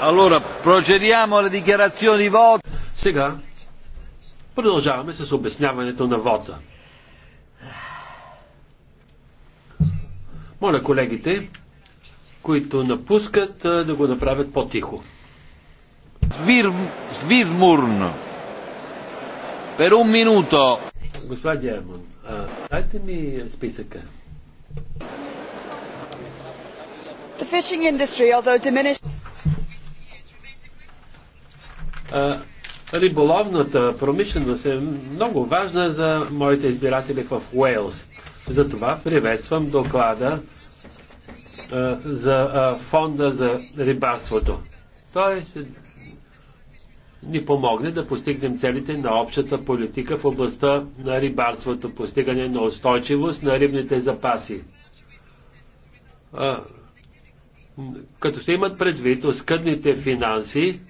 Allora, procediamo alle dichiarazioni di voto. Сега продължаваме с обясняването на вода. Моля колегите, които напускат, да го направят по-тихо. Свир... Свирмурн. Per un minuto. Господа Дерман, дайте ми списъка. The fishing industry, although diminished риболовната промишленост е много важна за моите избиратели в Уейлс. Затова приветствам доклада за фонда за рибарството. Той ще ни помогне да постигнем целите на общата политика в областта на рибарството, постигане на устойчивост на рибните запаси. Като се имат предвид оскъдните финанси,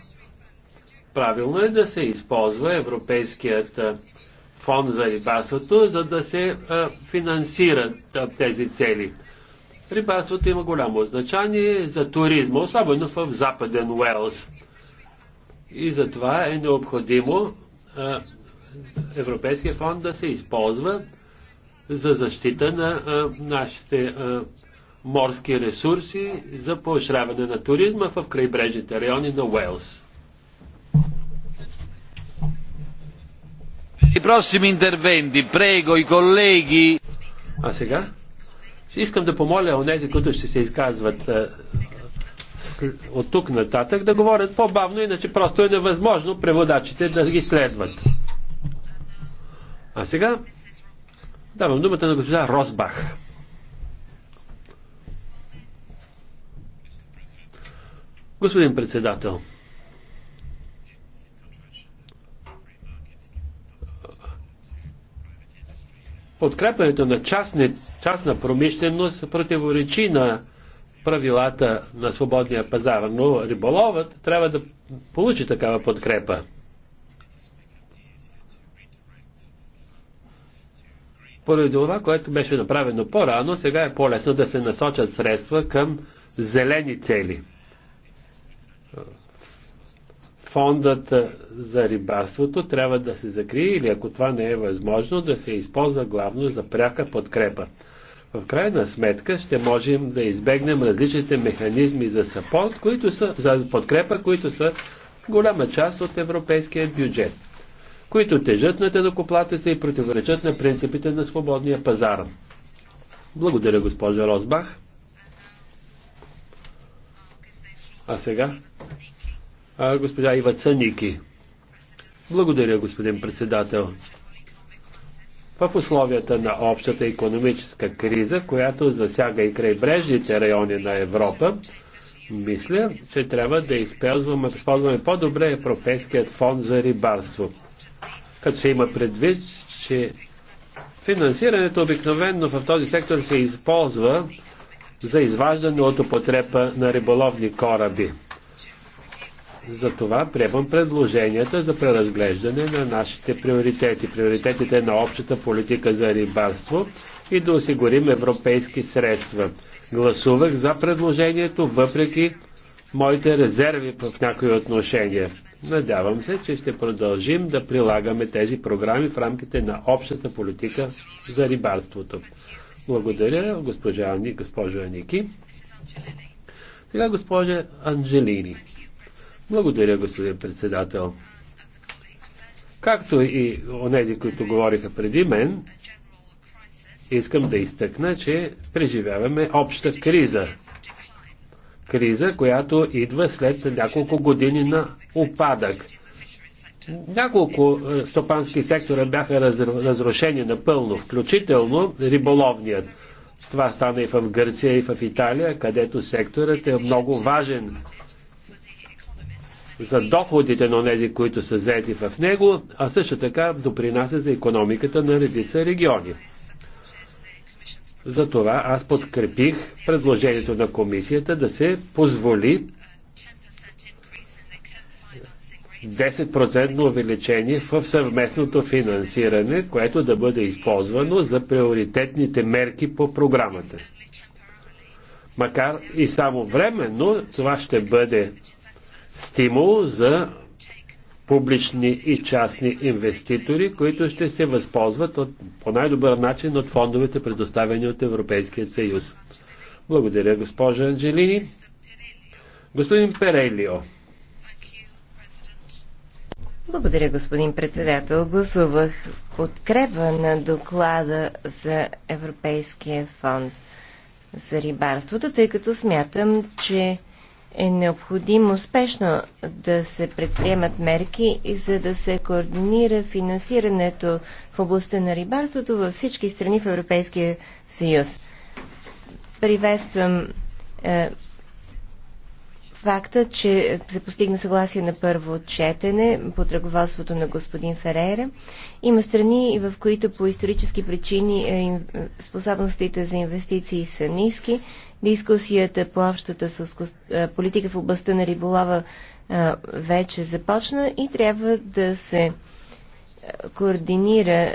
Правилно е да се използва Европейският фонд за рибарството, за да се финансират тези цели. Рибарството има голямо значение за туризма, особено в Западен Уелс. И затова е необходимо Европейския фонд да се използва за защита на нашите морски ресурси за поощряване на туризма в крайбрежните райони на Уелс. А сега? Искам да помоля онези, които ще се изказват е, от тук нататък, да говорят по-бавно, иначе просто е невъзможно преводачите да ги следват. А сега давам думата на госпожа Росбах. Господин председател, подкрепането на частни, частна промишленост противоречи на правилата на свободния пазар, но риболовът трябва да получи такава подкрепа. Поради това, което беше направено по-рано, сега е по-лесно да се насочат средства към зелени цели фондът за рибарството трябва да се закрие или ако това не е възможно, да се използва главно за пряка подкрепа. В крайна сметка ще можем да избегнем различните механизми за сапорт, които са, за подкрепа, които са голяма част от европейския бюджет, които тежат на се и противоречат на принципите на свободния пазар. Благодаря, госпожа Розбах, А сега Госпожа Ива Цаники. Благодаря, господин председател. В условията на общата економическа криза, която засяга и крайбрежните райони на Европа, мисля, че трябва да използваме, използваме по-добре Европейският фонд за рибарство. Като се има предвид, че финансирането обикновено в този сектор се използва за изваждане от употреба на риболовни кораби. Затова приемам предложенията за преразглеждане на нашите приоритети, приоритетите на общата политика за рибарство и да осигурим европейски средства. Гласувах за предложението, въпреки моите резерви в някои отношения. Надявам се, че ще продължим да прилагаме тези програми в рамките на общата политика за рибарството. Благодаря, госпожа, госпожо Аники. Сега госпожа Анджелини. Благодаря, господин председател. Както и онези, които говориха преди мен, искам да изтъкна, че преживяваме обща криза. Криза, която идва след няколко години на опадък. Няколко е, стопански сектора бяха разрушени напълно, включително риболовният. Това стана и в Гърция, и в Италия, където секторът е много важен за доходите на тези, които са заети в него, а също така допринася за економиката на редица региони. Затова аз подкрепих предложението на комисията да се позволи 10% увеличение в съвместното финансиране, което да бъде използвано за приоритетните мерки по програмата. Макар и само временно, това ще бъде стимул за публични и частни инвеститори, които ще се възползват от, по най-добър начин от фондовете, предоставени от Европейския съюз. Благодаря, госпожа Анджелини. Господин Перейлио. Благодаря, господин председател. Гласувах подкрепа на доклада за Европейския фонд за рибарството, тъй като смятам, че е необходимо спешно да се предприемат мерки, за да се координира финансирането в областта на рибарството във всички страни в Европейския съюз. Приветствам е, факта, че се постигна съгласие на първо четене под ръководството на господин Ферейра. Има страни, в които по исторически причини е, способностите за инвестиции са ниски. Дискусията по общата е, политика в областта на риболова е, вече започна и трябва да се координира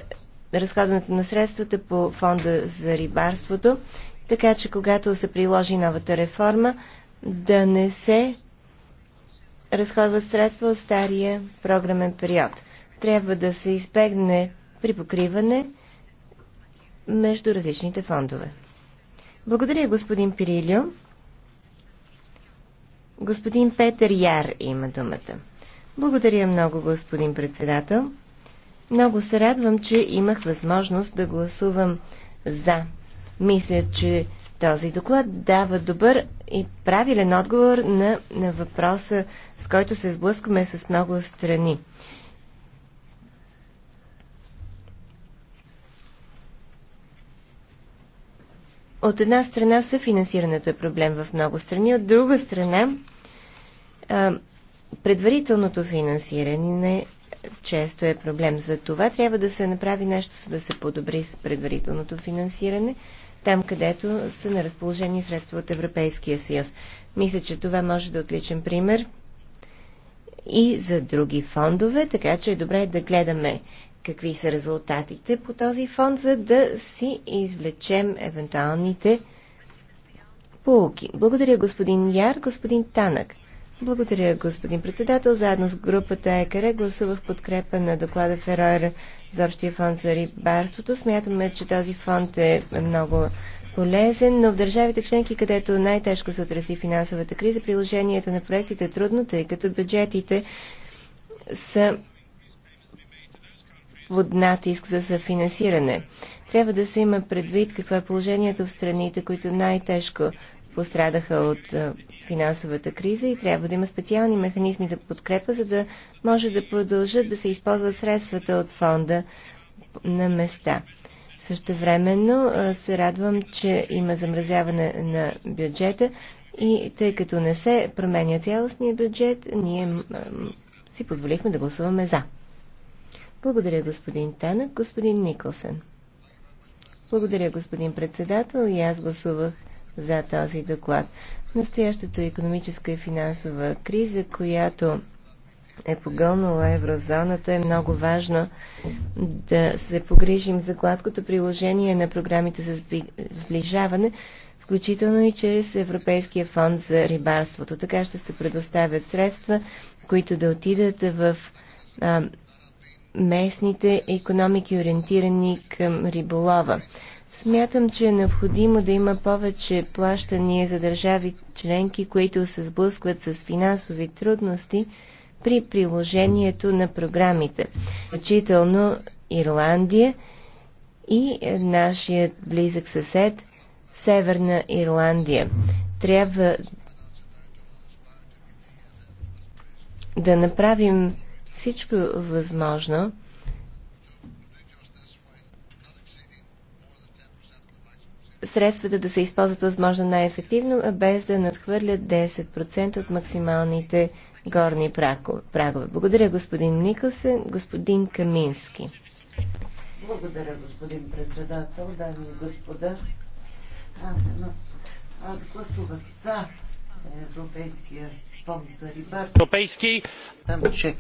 разходването на средствата по фонда за рибарството, така че когато се приложи новата реформа, да не се разходват средства от стария програмен период. Трябва да се избегне при покриване между различните фондове. Благодаря, господин Пирилио. Господин Петър Яр има думата. Благодаря много, господин председател. Много се радвам, че имах възможност да гласувам за. Мисля, че този доклад дава добър и правилен отговор на, на въпроса, с който се сблъскваме с много страни. От една страна съфинансирането е проблем в много страни, от друга страна предварителното финансиране често е проблем. За това трябва да се направи нещо, за да се подобри с предварителното финансиране там където са на разположение средства от Европейския съюз. Мисля, че това може да е отличен пример и за други фондове, така че е добре да гледаме какви са резултатите по този фонд, за да си извлечем евентуалните полуки. Благодаря господин Яр, господин Танък. Благодаря, господин председател. Заедно с групата ЕКР гласувах подкрепа на доклада Феройра за Общия фонд за рибарството. Смятаме, че този фонд е много полезен, но в държавите членки, където най-тежко се отрази финансовата криза, приложението на проектите е трудно, тъй като бюджетите са под натиск за съфинансиране. Трябва да се има предвид какво е положението в страните, които най-тежко пострадаха от финансовата криза и трябва да има специални механизми за подкрепа, за да може да продължат да се използват средствата от фонда на места. Също времено се радвам, че има замразяване на бюджета и тъй като не се променя цялостния бюджет, ние си позволихме да гласуваме за. Благодаря, господин Танък. Господин Николсен, Благодаря, господин председател. И аз гласувах за този доклад. Настоящата економическа и финансова криза, която е погълнала еврозоната, е много важно да се погрижим за гладкото приложение на програмите за сближаване, включително и чрез Европейския фонд за рибарството. Така ще се предоставят средства, които да отидат в а, местните економики, ориентирани към риболова. Смятам, че е необходимо да има повече плащания за държави членки, които се сблъскват с финансови трудности при приложението на програмите, включително Ирландия и нашият близък съсед Северна Ирландия. Трябва да направим всичко възможно, средствата да се използват възможно най-ефективно, без да надхвърлят 10% от максималните горни прагове. Благодаря господин Никълсен, господин Камински. Благодаря, господин председател, дами и господа. Аз, аз гласувах за Европейския Европейски. Там, че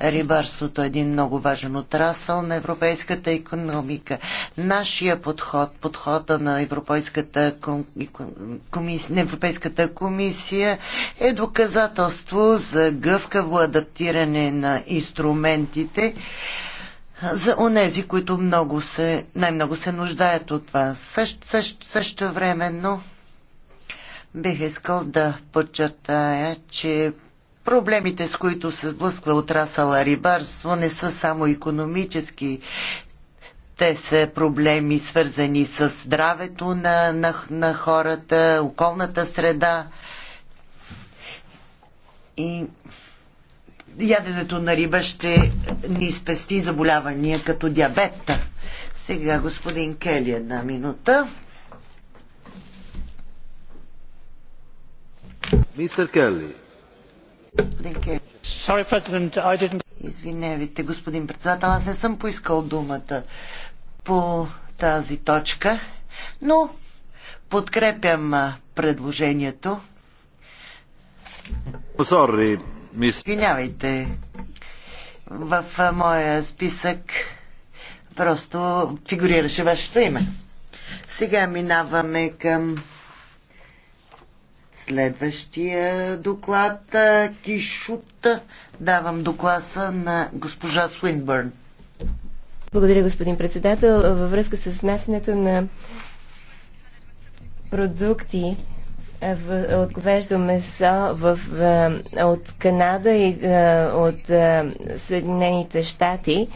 рибарството е един много важен отрасъл на европейската економика. Нашия подход, подхода на Европейската, комисия, на европейската комисия е доказателство за гъвкаво адаптиране на инструментите за онези, които много се, най-много се нуждаят от това. Също, също, също времено Бих искал да подчертая, че проблемите, с които се сблъсква отрасъла рибарство, не са само економически. Те са проблеми свързани с здравето на, на, на хората, околната среда и яденето на риба ще ни спести заболявания като диабет. Сега господин Кели една минута. Извинявайте, господин председател, аз не съм поискал думата по тази точка, но подкрепям предложението. Sorry, мис... Извинявайте, в моя списък просто фигурираше вашето име. Сега минаваме към Следващия доклад Кишут. Давам докласа на госпожа Суинбърн. Благодаря, господин председател. Във връзка с внасянето на продукти от говеждо месо в, от Канада и от Съединените щати,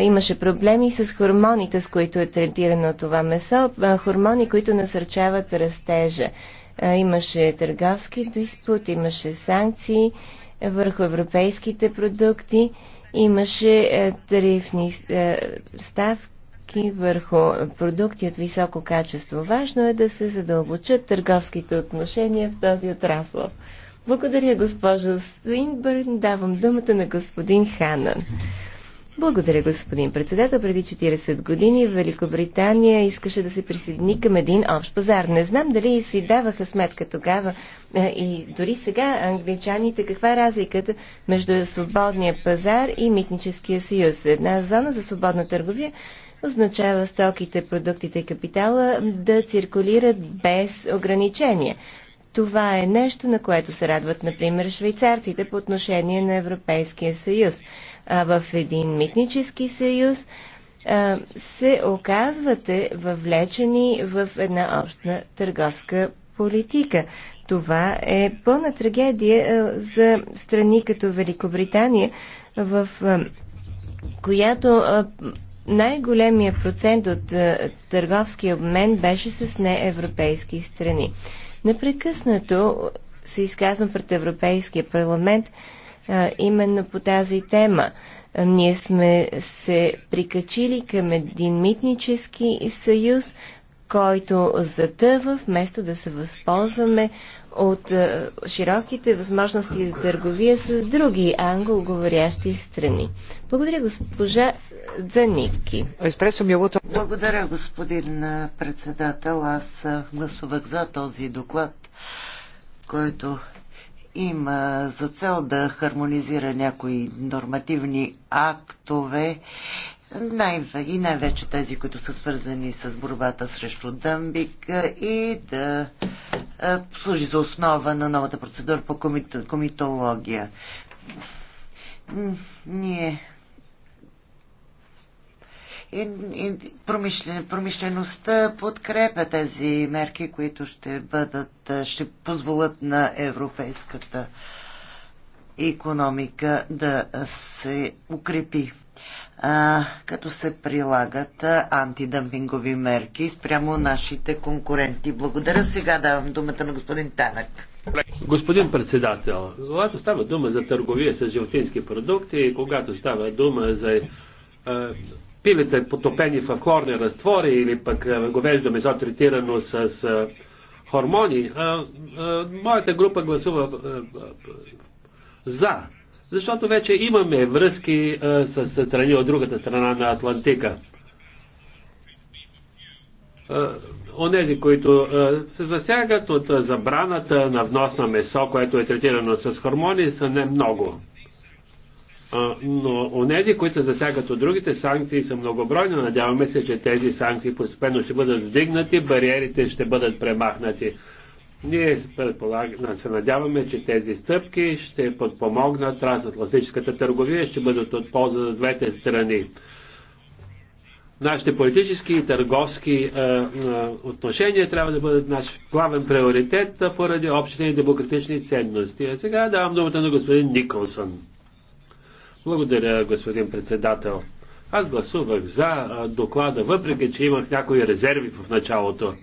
имаше проблеми с хормоните, с които е третирано това месо, хормони, които насърчават растежа. Имаше търговски диспут, имаше санкции върху европейските продукти, имаше тарифни ставки върху продукти от високо качество. Важно е да се задълбочат търговските отношения в този отрасъл. Благодаря, госпожо Суинбърн. Давам думата на господин Ханан. Благодаря, господин председател. Преди 40 години Великобритания искаше да се присъедини към един общ пазар. Не знам дали си даваха сметка тогава е, и дори сега англичаните каква е разликата между свободния пазар и митническия съюз. Една зона за свободна търговия означава стоките, продуктите и капитала да циркулират без ограничения. Това е нещо, на което се радват, например, швейцарците по отношение на Европейския съюз а в един митнически съюз, а, се оказвате въвлечени в една общна търговска политика. Това е пълна трагедия а, за страни като Великобритания, в а, която а, най-големия процент от а, търговски обмен беше с неевропейски страни. Непрекъснато се изказвам пред Европейския парламент именно по тази тема. Ние сме се прикачили към един митнически съюз, който затъва, вместо да се възползваме от широките възможности за търговия с други англоговорящи страни. Благодаря госпожа Заникки. Е Благодаря господин председател. Аз гласувах за този доклад, който има за цел да хармонизира някои нормативни актове най- и най-вече тези, които са свързани с борбата срещу дъмбик и да служи за основа на новата процедура по комитология. Ние промишлен, промишлеността подкрепя тези мерки, които ще бъдат, ще позволят на европейската економика да се укрепи. А, като се прилагат антидъмпингови мерки спрямо нашите конкуренти. Благодаря. Сега давам думата на господин Танък. Господин председател, когато става дума за търговия с животински продукти, когато става дума за Пилите, потопени в хлорни разтвори или пък е, говеждо месо третирано с е, хормони, е, моята група гласува за. Защото вече имаме връзки с, страни от другата страна на Атлантика. онези, които се засягат от забраната на внос на месо, което е третирано с хормони, са не много но онези, които засягат от другите санкции са многобройни. Надяваме се, че тези санкции постепенно ще бъдат вдигнати, бариерите ще бъдат премахнати. Ние се надяваме, че тези стъпки ще подпомогнат трансатлантическата търговия, ще бъдат от полза за двете страни. Нашите политически и търговски а, е, а, е, отношения трябва да бъдат наш главен приоритет поради общите и демократични ценности. А сега давам думата на господин Николсън. Благодаря, господин председател. Аз гласувах за доклада, въпреки че имах някои резерви в началото.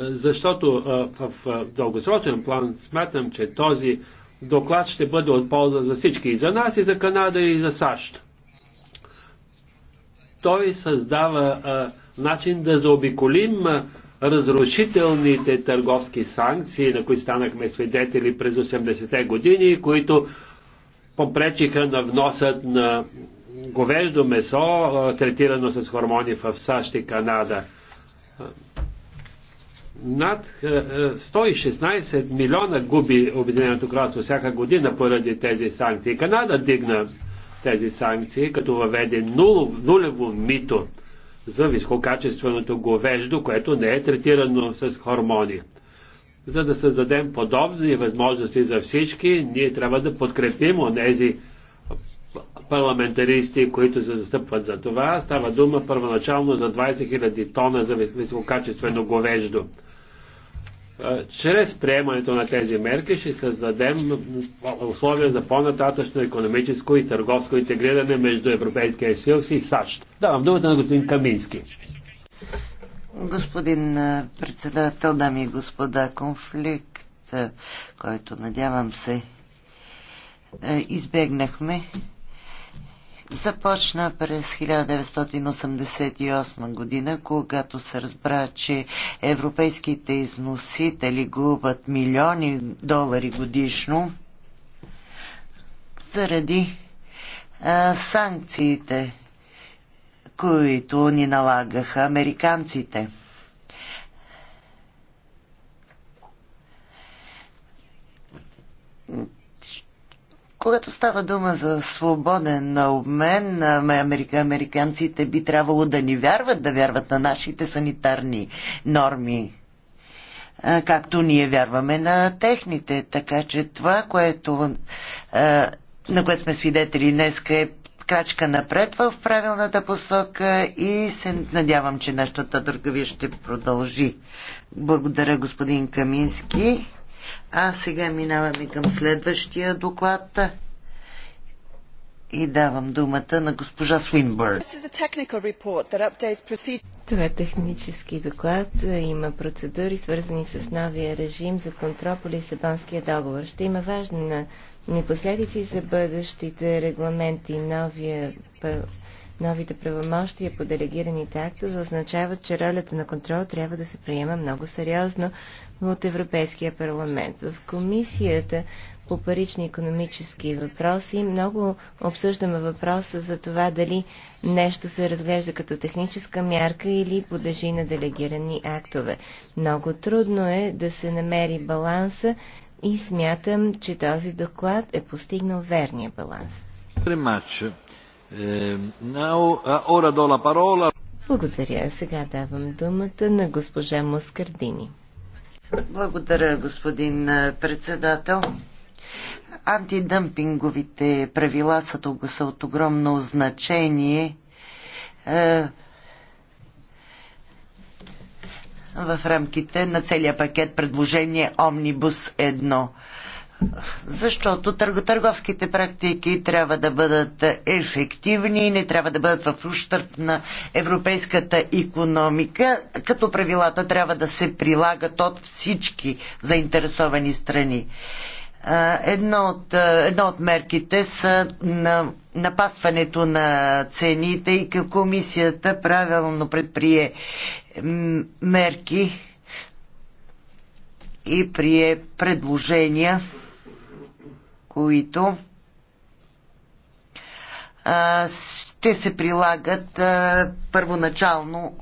Защото в дългосрочен план смятам, че този доклад ще бъде от полза за всички. И за нас, и за Канада, и за САЩ. Той създава начин да заобиколим разрушителните търговски санкции, на които станахме свидетели през 80-те години, които попречиха на вносът на говеждо месо, третирано с хормони в САЩ и Канада. Над 116 е, е, милиона губи Обединеното кралство всяка година поради тези санкции. Канада дигна тези санкции, като въведе нулево, мито за висококачественото говеждо, което не е третирано с хормони за да създадем подобни възможности за всички, ние трябва да подкрепим онези парламентаристи, които се застъпват за това. Става дума първоначално за 20 000 тона за висококачествено говеждо. Чрез приемането на тези мерки ще създадем условия за по-нататъчно економическо и търговско интегриране между Европейския съюз и САЩ. Давам думата на господин Камински. Господин председател, дами и господа, конфликт, който надявам се избегнахме, започна през 1988 година, когато се разбра, че европейските износители губят милиони долари годишно заради а, санкциите които ни налагаха американците. Когато става дума за свободен обмен, американците би трябвало да ни вярват, да вярват на нашите санитарни норми, както ние вярваме на техните. Така че това, което, на което сме свидетели днес, е крачка напред в правилната посока и се надявам, че нашата търговия ще продължи. Благодаря, господин Камински. А сега минаваме към следващия доклад и давам думата на госпожа Свинбър. Това е технически доклад. Има процедури, свързани с новия режим за контрол по Лисабонския договор. Ще има важна непоследици за бъдещите регламенти, новия, новите правомощия по делегираните актове означават, че ролята на контрол трябва да се приема много сериозно от Европейския парламент. В комисията по парични економически въпроси. Много обсъждаме въпроса за това дали нещо се разглежда като техническа мярка или подлежи на делегирани актове. Много трудно е да се намери баланса и смятам, че този доклад е постигнал верния баланс. Ehm, Благодаря. Сега давам думата на госпожа Москардини. Благодаря, господин председател. Антидъмпинговите правила са, са от огромно значение е, в рамките на целия пакет предложение Омнибус 1. Защото търговските практики трябва да бъдат ефективни и не трябва да бъдат в ущърп на европейската економика, като правилата трябва да се прилагат от всички заинтересовани страни. Едно от, едно от мерките са на напасването на цените и комисията правилно предприе мерки и прие предложения, които ще се прилагат първоначално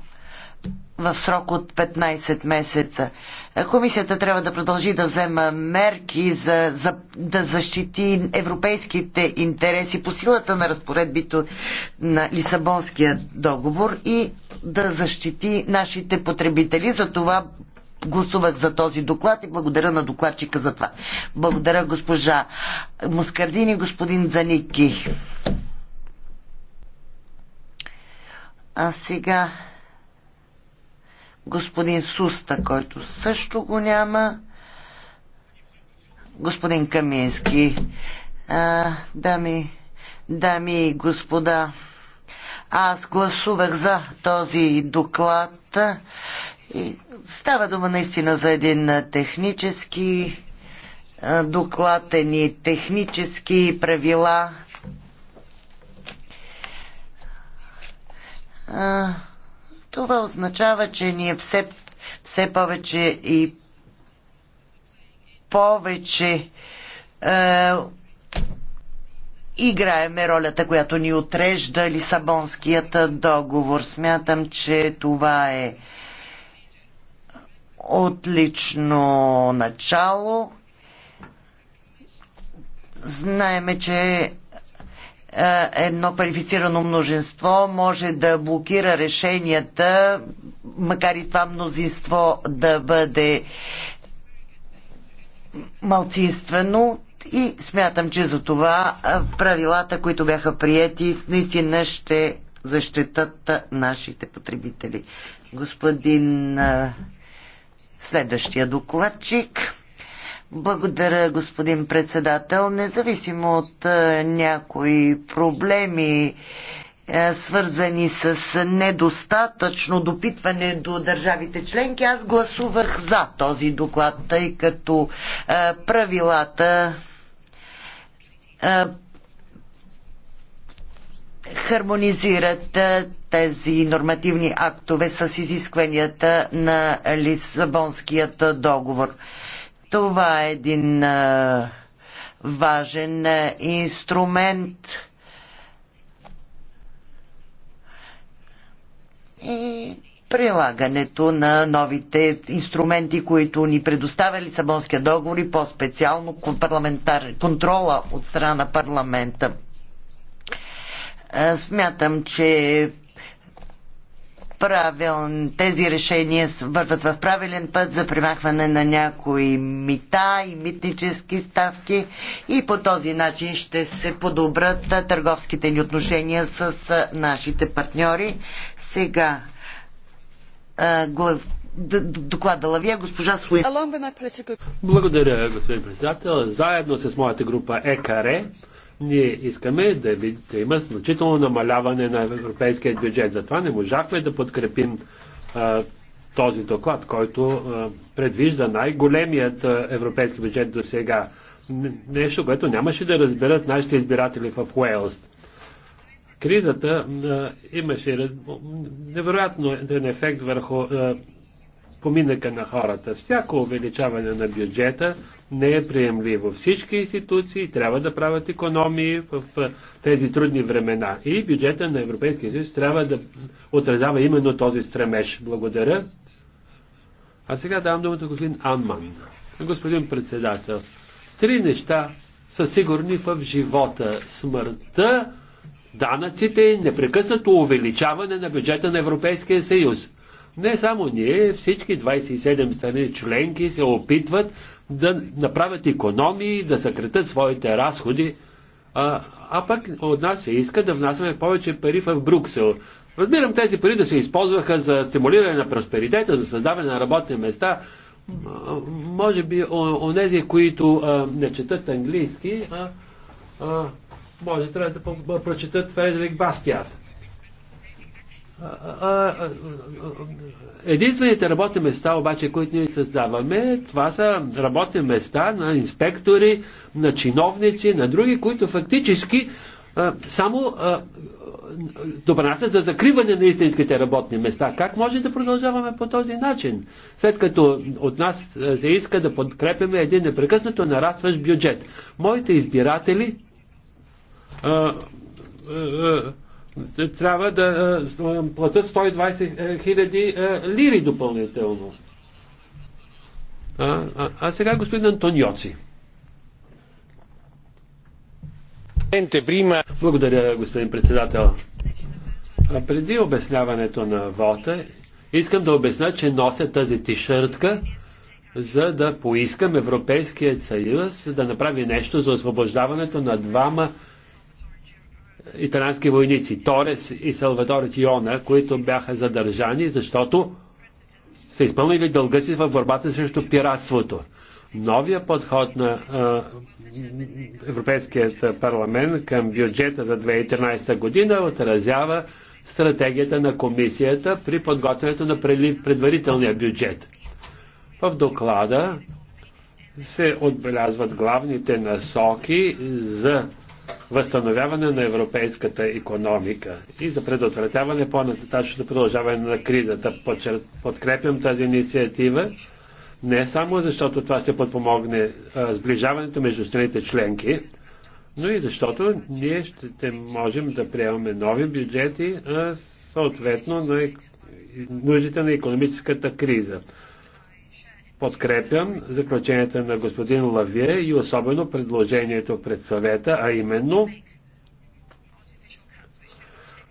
в срок от 15 месеца. Комисията трябва да продължи да взема мерки за, за да защити европейските интереси по силата на разпоредбито на Лисабонския договор и да защити нашите потребители. За това гласувах за този доклад и благодаря на докладчика за това. Благодаря госпожа Москардини, господин Заники. А сега господин Суста, който също го няма, господин Камински, а, дами, дами и господа, аз гласувах за този доклад и става дума наистина за един технически доклад, едни технически правила. А, това означава, че ние все, все повече и повече е, играеме ролята, която ни отрежда Лисабонският договор. Смятам, че това е отлично начало. Знаеме, че е, едно квалифицирано множество може да блокира решенията, макар и това мнозинство да бъде малцинствено и смятам, че за това е, правилата, които бяха прияти, наистина ще защитат нашите потребители. Господин е, следващия докладчик. Благодаря, господин председател. Независимо от е, някои проблеми, е, свързани с недостатъчно допитване до държавите членки, аз гласувах за този доклад, тъй като е, правилата хармонизират тези нормативни актове с изискванията на Лисабонският договор. Това е един важен инструмент. И прилагането на новите инструменти, които ни предоставя Лисабонския договор и по-специално контрола от страна на парламента. Смятам, че правилен, тези решения върват в правилен път за примахване на някои мита и митнически ставки и по този начин ще се подобрат търговските ни отношения с нашите партньори. Сега доклада Лавия, госпожа Суин. Благодаря, господин председател. Заедно с моята група ЕКАРЕ ние искаме да, ви, да има значително намаляване на европейския бюджет. Затова не можахме да подкрепим а, този доклад, който а, предвижда най-големият европейски бюджет до сега. Нещо, което нямаше да разберат нашите избиратели в Уелст кризата а, имаше един ефект върху а, поминъка на хората. Всяко увеличаване на бюджета не е приемливо. Всички институции трябва да правят економии в тези трудни времена. И бюджета на Европейския съюз трябва да отразява именно този стремеж. Благодаря. А сега давам думата господин Анман. Господин председател, три неща са сигурни в живота. Смъртта, данъците и непрекъснато увеличаване на бюджета на Европейския съюз. Не само ние, всички 27 страни членки се опитват да направят економии, да съкретат своите разходи, а, а пък от нас се иска да внасяме повече пари в Брюксел. Разбирам тези пари да се използваха за стимулиране на просперитета, за създаване на работни места. Може би онези, които а, не четат английски, а, а, може трябва да прочетат Фредерик Бастиат. Единствените работни места, обаче, които ние създаваме, това са работни места на инспектори, на чиновници, на други, които фактически само допринасят за закриване на истинските работни места. Как може да продължаваме по този начин, след като от нас се иска да подкрепяме един непрекъснато нарастващ бюджет? Моите избиратели а, а, трябва да е, платят 120 е, хиляди е, лири допълнително. А, а, а сега господин Антониоци. Благодаря, господин председател. А преди обясняването на вота, искам да обясня, че нося тази тишъртка, за да поискам Европейският съюз да направи нещо за освобождаването на двама италиански войници, Торес и Салвадор Тиона, които бяха задържани, защото са изпълнили дълга си в борбата срещу пиратството. Новия подход на а, Европейският парламент към бюджета за 2013 година отразява стратегията на комисията при подготвянето на предварителния бюджет. В доклада се отбелязват главните насоки за възстановяване на европейската економика и за предотвратяване по-нататъчното продължаване на кризата. Подкрепям тази инициатива не само защото това ще подпомогне сближаването между страните членки, но и защото ние ще можем да приемаме нови бюджети съответно на нуждите на економическата криза подкрепям заключенията на господин Лавие и особено предложението пред съвета, а именно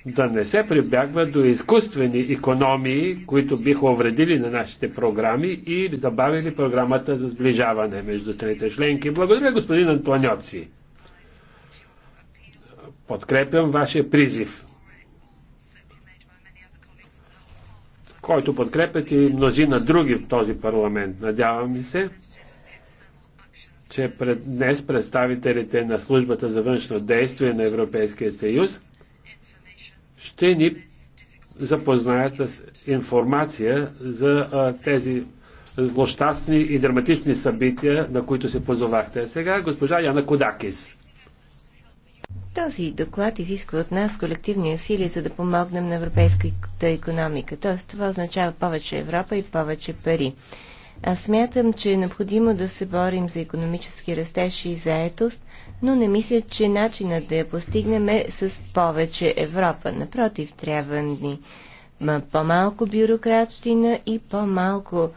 да не се прибягва до изкуствени економии, които биха увредили на нашите програми и забавили програмата за сближаване между страните членки. Благодаря, господин Антониоци. Подкрепям вашия призив. който подкрепят и мнози на други в този парламент. Надявам се, че пред, днес представителите на службата за външно действие на Европейския съюз ще ни запознаят с информация за а, тези злощастни и драматични събития, на които се позовахте. Сега госпожа Яна Кодакис. Този доклад изисква от нас колективни усилия, за да помогнем на европейската економика. Тоест, това означава повече Европа и повече пари. Аз смятам, че е необходимо да се борим за економически растеж и заетост, но не мисля, че начинът да я постигнем е с повече Европа. Напротив, трябва ни по-малко бюрократщина и по-малко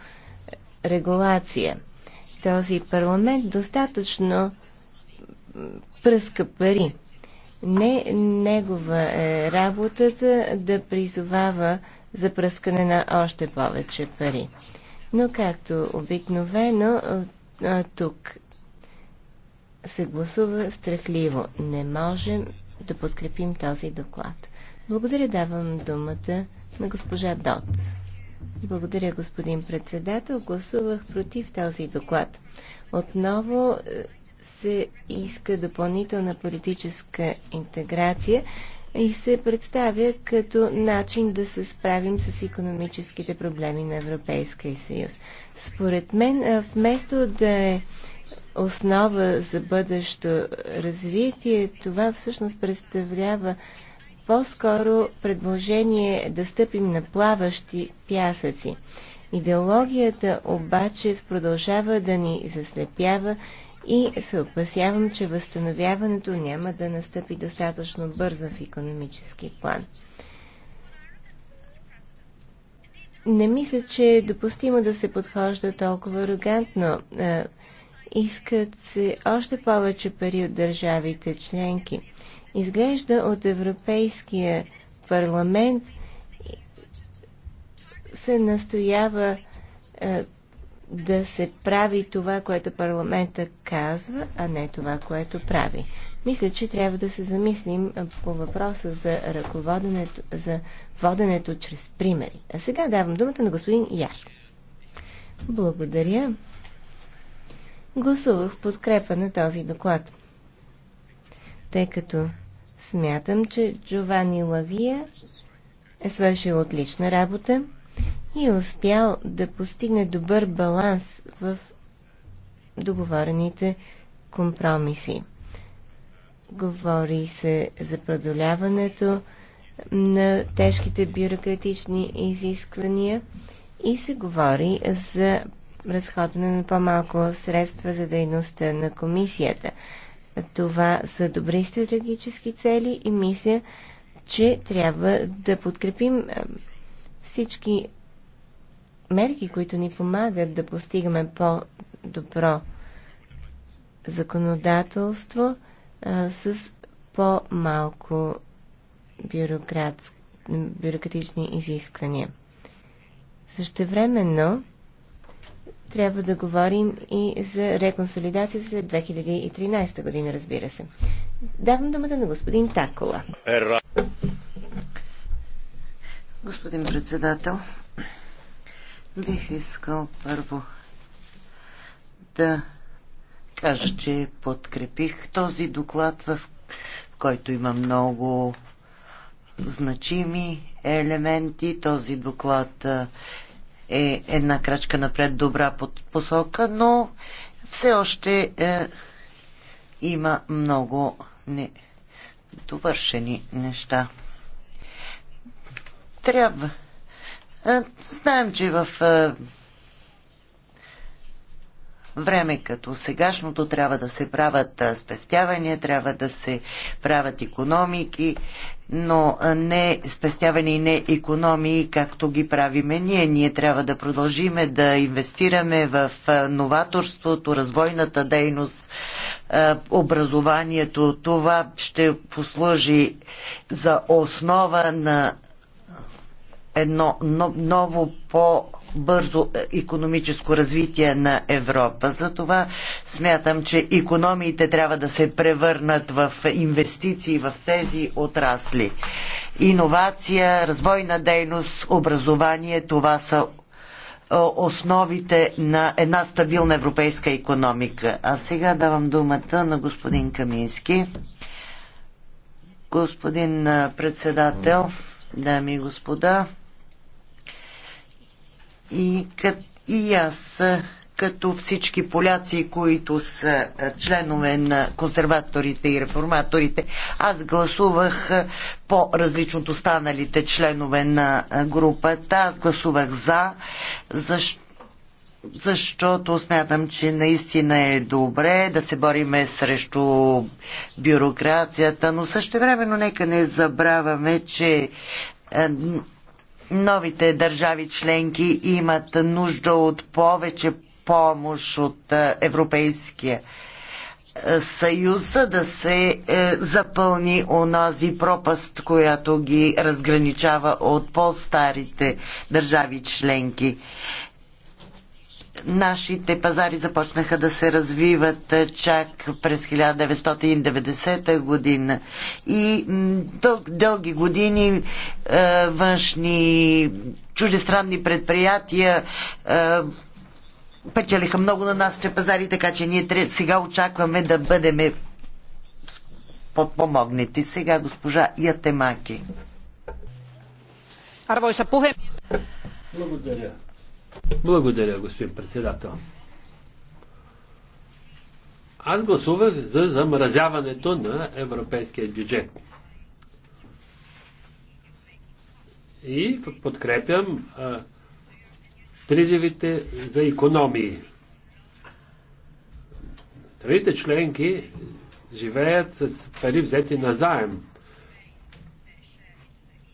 регулация. Този парламент достатъчно пръска пари. Не негова е работата да призовава за пръскане на още повече пари. Но както обикновено, тук се гласува страхливо. Не можем да подкрепим този доклад. Благодаря, давам думата на госпожа Дот. Благодаря, господин председател. Гласувах против този доклад. Отново е, се иска допълнителна политическа интеграция и се представя като начин да се справим с економическите проблеми на Европейския съюз. Според мен, вместо да е основа за бъдещо развитие, това всъщност представлява по-скоро предложение да стъпим на плаващи пясъци. Идеологията обаче продължава да ни заслепява и се опасявам, че възстановяването няма да настъпи достатъчно бързо в економически план. Не мисля, че е допустимо да се подхожда толкова арогантно. Е, искат се още повече пари от държавите членки. Изглежда от Европейския парламент се настоява е, да се прави това, което парламента казва, а не това, което прави. Мисля, че трябва да се замислим по въпроса за ръководенето, за воденето чрез примери. А сега давам думата на господин Яр. Благодаря. Гласувах подкрепа на този доклад, тъй като смятам, че Джованни Лавия е свършил отлична работа и е успял да постигне добър баланс в договорените компромиси. Говори се за преодоляването на тежките бюрократични изисквания и се говори за разходване на по-малко средства за дейността на комисията. Това са добри стратегически цели и мисля, че трябва да подкрепим всички мерки, които ни помагат да постигаме по-добро законодателство а, с по-малко бюрократ, бюрократични изисквания. Същевременно трябва да говорим и за реконсолидация за 2013 година, разбира се. Давам думата на господин Такола. Господин председател, Бих искал първо да кажа, че подкрепих този доклад, в който има много значими елементи. Този доклад е една крачка напред добра посока, но все още е, има много недовършени неща. Трябва е, знаем, че в е, време като сегашното трябва да се правят е, спестявания, трябва да се правят економики, но не спестяване и не економии, както ги правиме ние. Ние трябва да продължиме да инвестираме в новаторството, развойната дейност, образованието. Това ще послужи за основа на едно ново по-бързо економическо развитие на Европа. Затова смятам, че економиите трябва да се превърнат в инвестиции в тези отрасли. Иновация, развойна дейност, образование, това са е, основите на една стабилна европейска економика. А сега давам думата на господин Камински. Господин е, председател, дами и господа, и, и аз, като всички поляци, които са членове на консерваторите и реформаторите, аз гласувах по-различно от останалите членове на групата. Аз гласувах за, защото защото смятам, че наистина е добре да се бориме срещу бюрокрацията, но също времено нека не забравяме, че новите държави членки имат нужда от повече помощ от е, Европейския е, съюз, за да се е, запълни онази пропаст, която ги разграничава от по-старите държави членки. Нашите пазари започнаха да се развиват чак през 1990 година и дъл, дълги години е, външни чуждестранни предприятия е, печелиха много на нашите пазари, така че ние сега очакваме да бъдем подпомогнати. Сега госпожа Ятемаки. Арвойса Пухе. Благодаря. Благодаря, господин председател. Аз гласувах за замразяването на европейския бюджет. И подкрепям а, призивите за економии. Трите членки живеят с пари взети на заем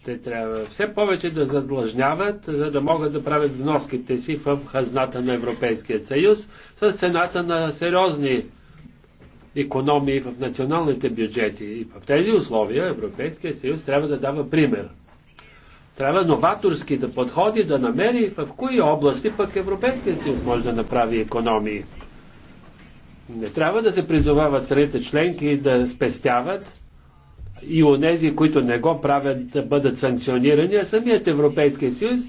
те трябва все повече да задлъжняват, за да могат да правят вноските си в хазната на Европейския съюз с цената на сериозни економии в националните бюджети. И в тези условия Европейския съюз трябва да дава пример. Трябва новаторски да подходи, да намери в кои области пък Европейския съюз може да направи економии. Не трябва да се призовават средите членки да спестяват, и онези, които не го правят да бъдат санкционирани, а самият Европейския съюз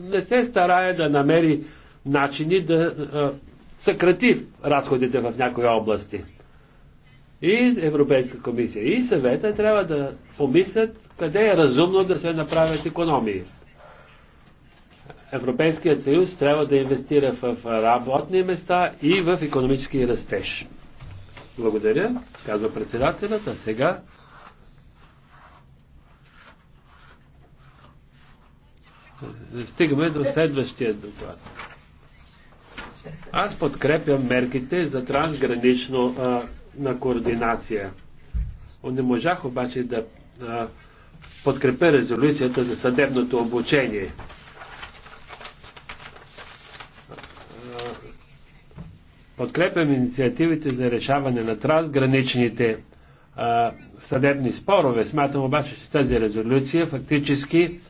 не се старае да намери начини да съкрати разходите в някои области. И Европейска комисия, и съвета трябва да помислят къде е разумно да се направят економии. Европейският съюз трябва да инвестира в работни места и в економически растеж. Благодаря, казва председателят, а сега стигаме до следващия доклад. Аз подкрепям мерките за трансгранично а, на координация. Не можах обаче да а, подкрепя резолюцията за съдебното обучение. Подкрепям инициативите за решаване на трансграничните а, съдебни спорове. Смятам обаче, че тази резолюция фактически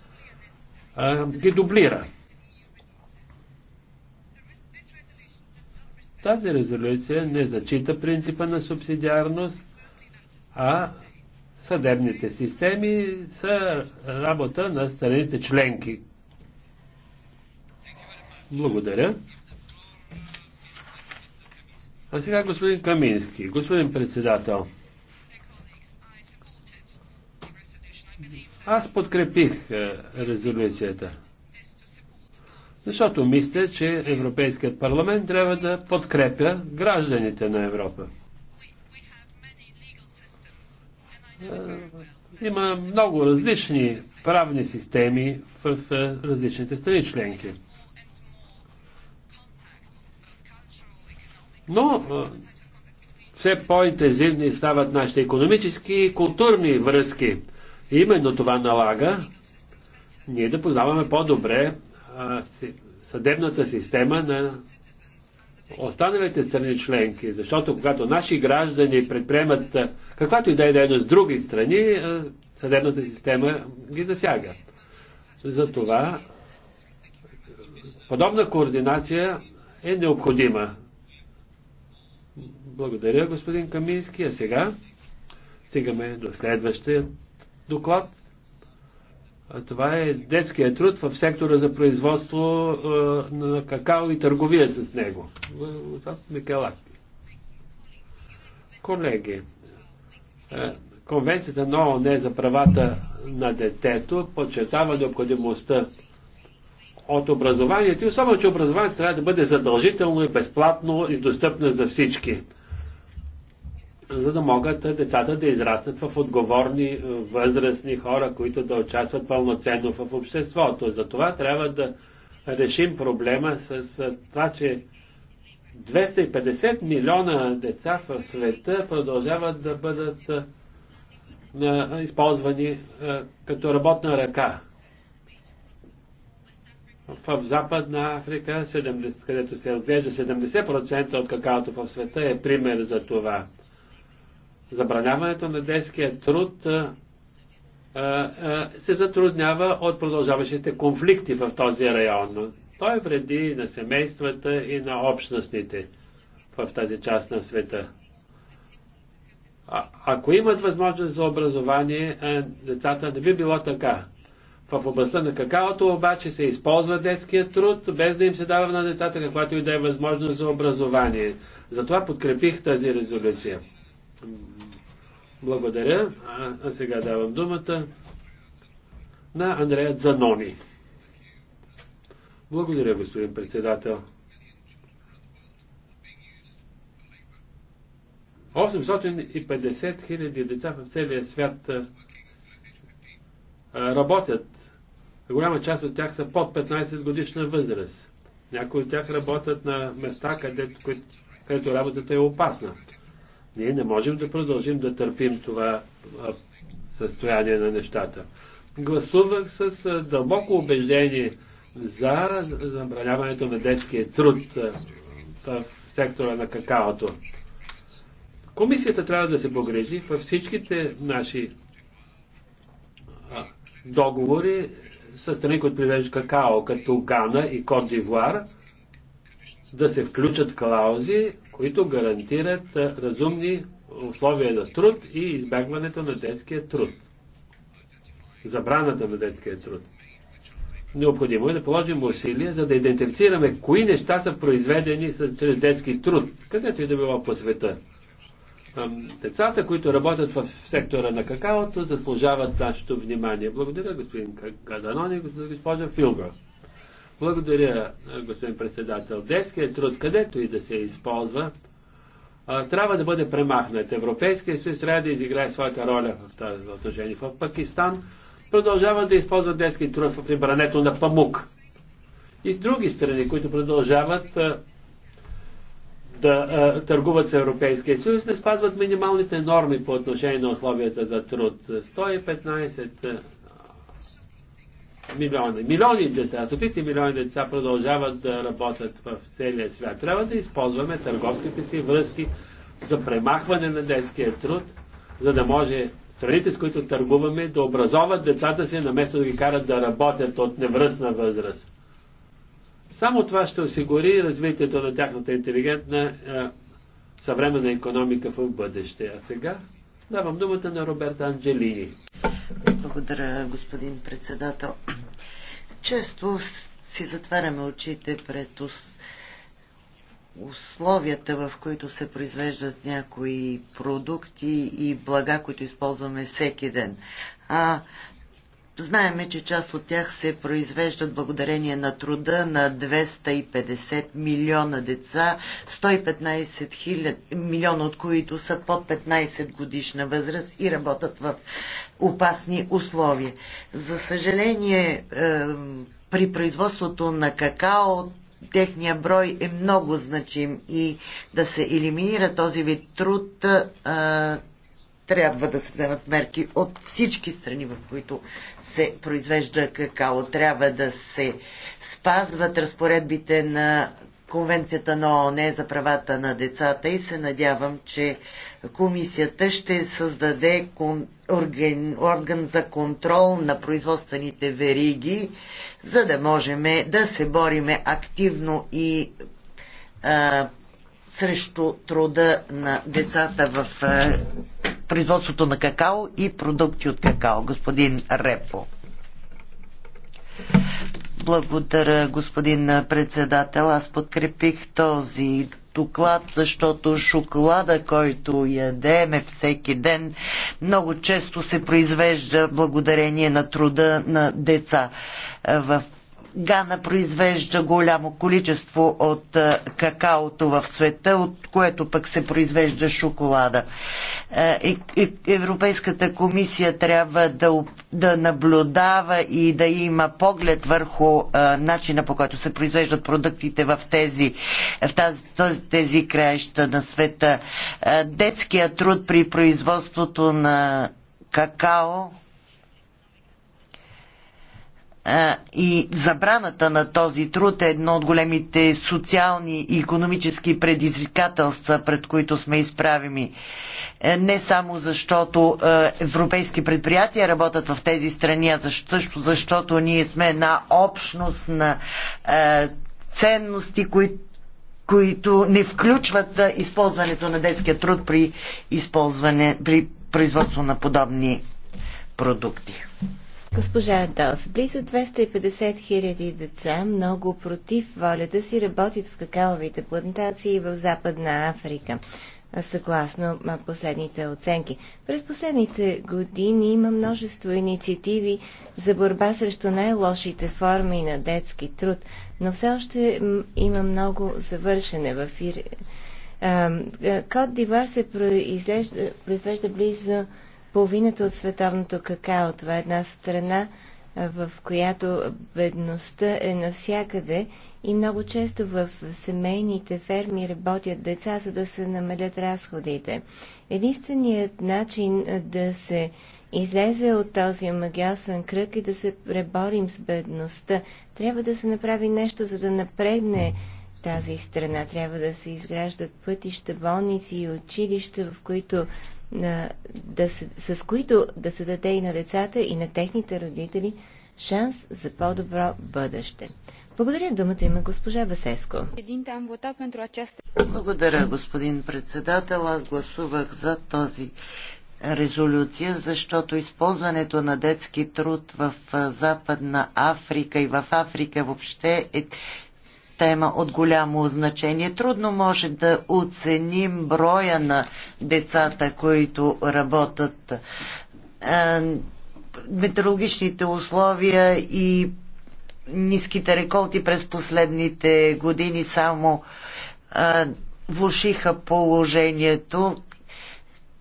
ги дублира. Тази резолюция не зачита принципа на субсидиарност, а съдебните системи са работа на страните членки. Благодаря. А сега господин Камински, господин председател. Аз подкрепих е, резолюцията, защото мисля, че Европейският парламент трябва да подкрепя гражданите на Европа. Е, има много различни правни системи в е, различните страни членки. Но все по-интензивни стават нашите економически и културни връзки именно това налага ние да познаваме по-добре съдебната система на останалите страни членки, защото когато наши граждани предприемат каквато и да е дейност с други страни, съдебната система ги засяга. Затова подобна координация е необходима. Благодаря, господин Камински. А сега стигаме до следващия доклад. Това е детския труд в сектора за производство на какао и търговия с него. Микелаки. Колеги, Конвенцията на ООН за правата на детето подчертава необходимостта от образованието и особено, че образованието трябва да бъде задължително и безплатно и достъпно за всички за да могат децата да израснат в отговорни е, възрастни хора, които да участват пълноценно в обществото. За това трябва да решим проблема с е, това, че 250 милиона деца в света продължават да бъдат е, използвани като работна ръка. В Западна Африка, 70, където се отглежда 70% от какаото в света, е пример за това забраняването на детския труд се затруднява от продължаващите конфликти в този район. Той вреди на семействата и на общностните в тази част на света. А, ако имат възможност за образование, децата не би било така. В областта на какаото обаче се използва детския труд, без да им се дава на децата каквато и да е възможност за образование. Затова подкрепих тази резолюция. Благодаря. А, а сега давам думата на Андрея Занони. Благодаря, господин председател. 850 хиляди деца в целия свят работят. Голяма част от тях са под 15 годишна възраст. Някои от тях работят на места, където, където работата е опасна. Ние не можем да продължим да търпим това състояние на нещата. Гласувах с дълбоко убеждение за забраняването на детския труд в сектора на какаото. Комисията трябва да се погрежи във всичките наши договори с страни, които привеждат какао, като Гана и Кот Дивуар, да се включат клаузи, които гарантират разумни условия на труд и избягването на детския труд. Забраната на детския труд. Необходимо е да положим усилия, за да идентифицираме кои неща са произведени чрез детски труд, където и да било по света. Децата, които работят в сектора на какаото, заслужават нашето внимание. Благодаря, господин и госпожа Филгас. Благодаря, господин председател. Детският труд, където и да се използва, трябва да бъде премахнат. Европейския съюз трябва да изиграе своята роля в тази отношение. В Пакистан продължават да използват детски труд в прибрането на памук. И други страни, които продължават да търгуват с Европейския съюз, не спазват минималните норми по отношение на условията за труд. 115 Милиони, Милиони деца, стотици милиони деца продължават да работят в целия свят. Трябва да използваме търговските си връзки за премахване на детския труд, за да може страните, с които търгуваме, да образоват децата си, наместо да ги карат да работят от невръстна възраст. Само това ще осигури развитието на тяхната интелигентна е, съвременна економика в бъдеще. А сега Давам думата на Роберта Анджелини. Благодаря, господин председател. Често си затваряме очите пред условията, в които се произвеждат някои продукти и блага, които използваме всеки ден. А Знаеме, че част от тях се произвеждат благодарение на труда на 250 милиона деца, 115 000 милиона от които са под 15 годишна възраст и работят в опасни условия. За съжаление, при производството на какао техния брой е много значим и да се елиминира този вид труд е, трябва да се вземат мерки от всички страни, в които се произвежда какао. Трябва да се спазват разпоредбите на Конвенцията на ООН за правата на децата и се надявам, че комисията ще създаде орган, орган за контрол на производствените вериги, за да можем да се бориме активно и а, срещу труда на децата в а, производството на какао и продукти от какао. Господин Репо. Благодаря, господин председател. Аз подкрепих този доклад, защото шоколада, който ядеме всеки ден, много често се произвежда благодарение на труда на деца. В Гана произвежда голямо количество от е, какаото в света, от което пък се произвежда шоколада. Е, Европейската комисия трябва да, да наблюдава и да има поглед върху е, начина по който се произвеждат продуктите в тези, в тази, тези краища на света. Детският труд при производството на какао и забраната на този труд е едно от големите социални и економически предизвикателства, пред които сме изправени. Е, не само защото е, европейски предприятия работят в тези страни, а също защото ние сме една общност на е, ценности, които не включват използването на детския труд при, използване, при производство на подобни продукти. Госпожа Дос, близо 250 хиляди деца, много против волята си, работят в какаовите плантации в Западна Африка, съгласно последните оценки. През последните години има множество инициативи за борба срещу най-лошите форми на детски труд, но все още има много завършене в Кот Дивар се произвежда близо половината от световното какао. Това е една страна, в която бедността е навсякъде и много често в семейните ферми работят деца, за да се намалят разходите. Единственият начин да се излезе от този магиосен кръг и е да се преборим с бедността. Трябва да се направи нещо, за да напредне тази страна. Трябва да се изграждат пътища, болници и училища, в които на, да се, с които да се даде и на децата, и на техните родители шанс за по-добро бъдеще. Благодаря, думата има госпожа Васеско. Благодаря, господин председател. Аз гласувах за този резолюция, защото използването на детски труд в Западна Африка и в Африка въобще е тема от голямо значение. Трудно може да оценим броя на децата, които работят. Е, метеорологичните условия и ниските реколти през последните години само е, влушиха положението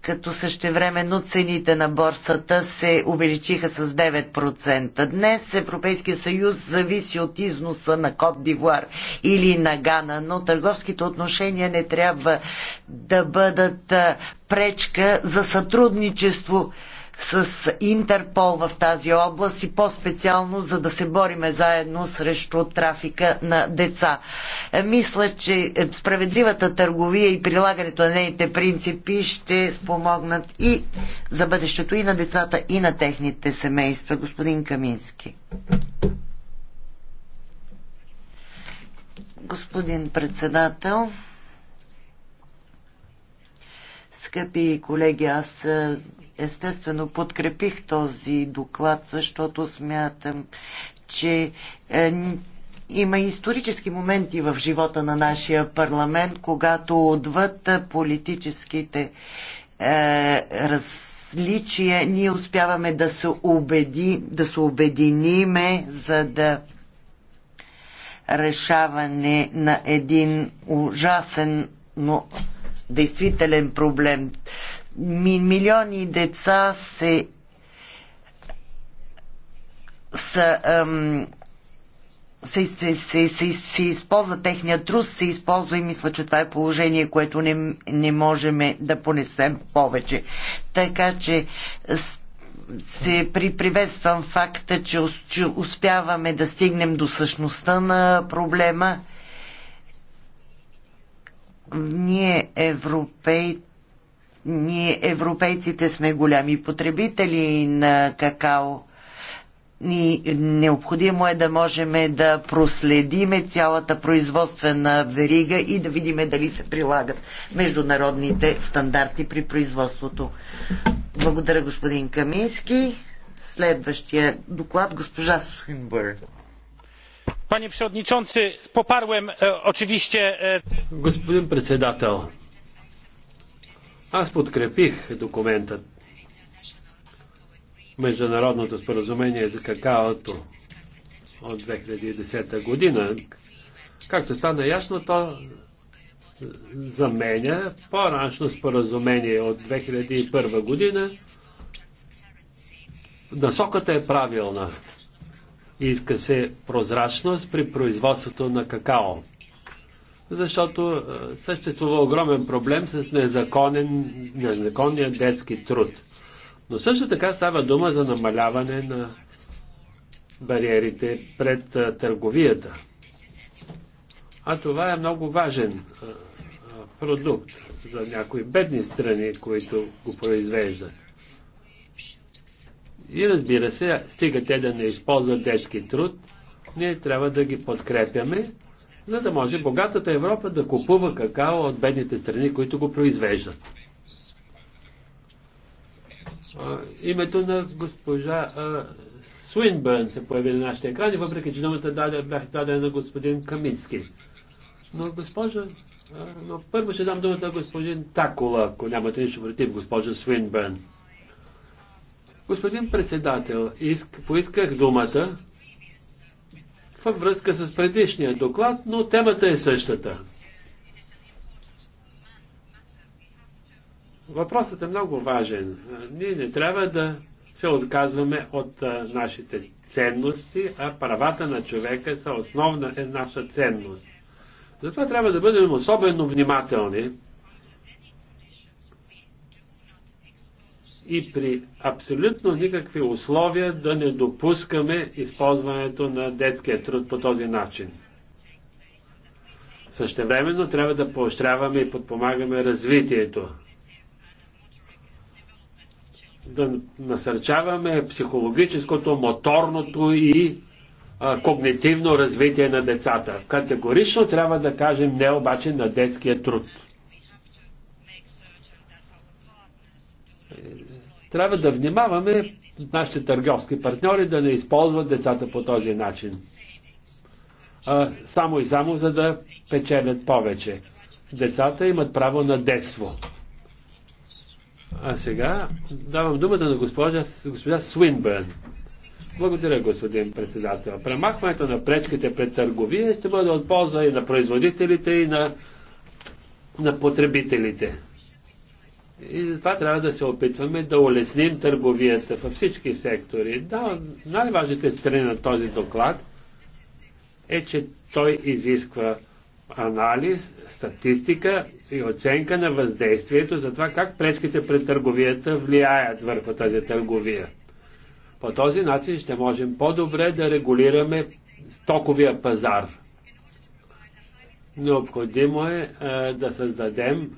като същевременно цените на борсата се увеличиха с 9%. Днес Европейския съюз зависи от износа на Кот Дивуар или на Гана, но търговските отношения не трябва да бъдат пречка за сътрудничество с Интерпол в тази област и по-специално за да се бориме заедно срещу трафика на деца. Е, мисля, че е, справедливата търговия и прилагането на нейните принципи ще спомогнат и за бъдещето и на децата, и на техните семейства. Господин Камински. Господин председател, скъпи колеги, аз е, естествено подкрепих този доклад, защото смятам, че е, има исторически моменти в живота на нашия парламент, когато отвъд политическите е, различия ние успяваме да се, убеди, да се обединиме, за да решаване на един ужасен, но действителен проблем милиони деца се са, ам, се, се, се, се, се използва техния трус, се използва и мисля, че това е положение, което не, не можем да понесем повече. Така че се приветствам факта, че, че успяваме да стигнем до същността на проблема. Ние, европейците, ние, европейците, сме голями потребители на какао. Ни, необходимо е да можем да проследиме цялата производствена верига и да видим дали се прилагат международните стандарти при производството. Благодаря, господин Камински. Следващия доклад, госпожа Суинбър. Е, е, господин председател, аз подкрепих документът. Международното споразумение за какаото от 2010 година. Както стана ясно, то заменя по-рашно споразумение от 2001 година. Насоката е правилна. Иска се прозрачност при производството на какао защото е, съществува огромен проблем с незаконен, незаконния детски труд. Но също така става дума за намаляване на бариерите пред е, търговията. А това е много важен е, продукт за някои бедни страни, които го произвеждат. И разбира се, стига те да не използват детски труд, ние трябва да ги подкрепяме за да може богатата Европа да купува какао от бедните страни, които го произвеждат. Името на госпожа Суинбърн се появи на нашите екрани, въпреки че думата даде, бях дадена на господин Камински. Но госпожа, но първо ще дам думата на господин Такола, ако нямате нищо против, госпожа Суинбърн. Господин председател, иск, поисках думата, във връзка с предишния доклад, но темата е същата. Въпросът е много важен. Ние не трябва да се отказваме от нашите ценности, а правата на човека са основна е наша ценност. Затова трябва да бъдем особено внимателни и при абсолютно никакви условия да не допускаме използването на детския труд по този начин. Същевременно трябва да поощряваме и подпомагаме развитието. Да насърчаваме психологическото, моторното и а, когнитивно развитие на децата. Категорично трябва да кажем не обаче на детския труд трябва да внимаваме нашите търговски партньори да не използват децата по този начин. А, само и само, за да печелят повече. Децата имат право на детство. А сега давам думата на госпожа, госпожа Свинбърн. Благодаря, господин председател. Премахването на пречките пред търговия ще бъде от полза и на производителите, и на, на потребителите. И затова трябва да се опитваме да улесним търговията във всички сектори. Да, най-важните страни на този доклад е, че той изисква анализ, статистика и оценка на въздействието за това как пречките пред търговията влияят върху тази търговия. По този начин ще можем по-добре да регулираме стоковия пазар. Необходимо е, е да създадем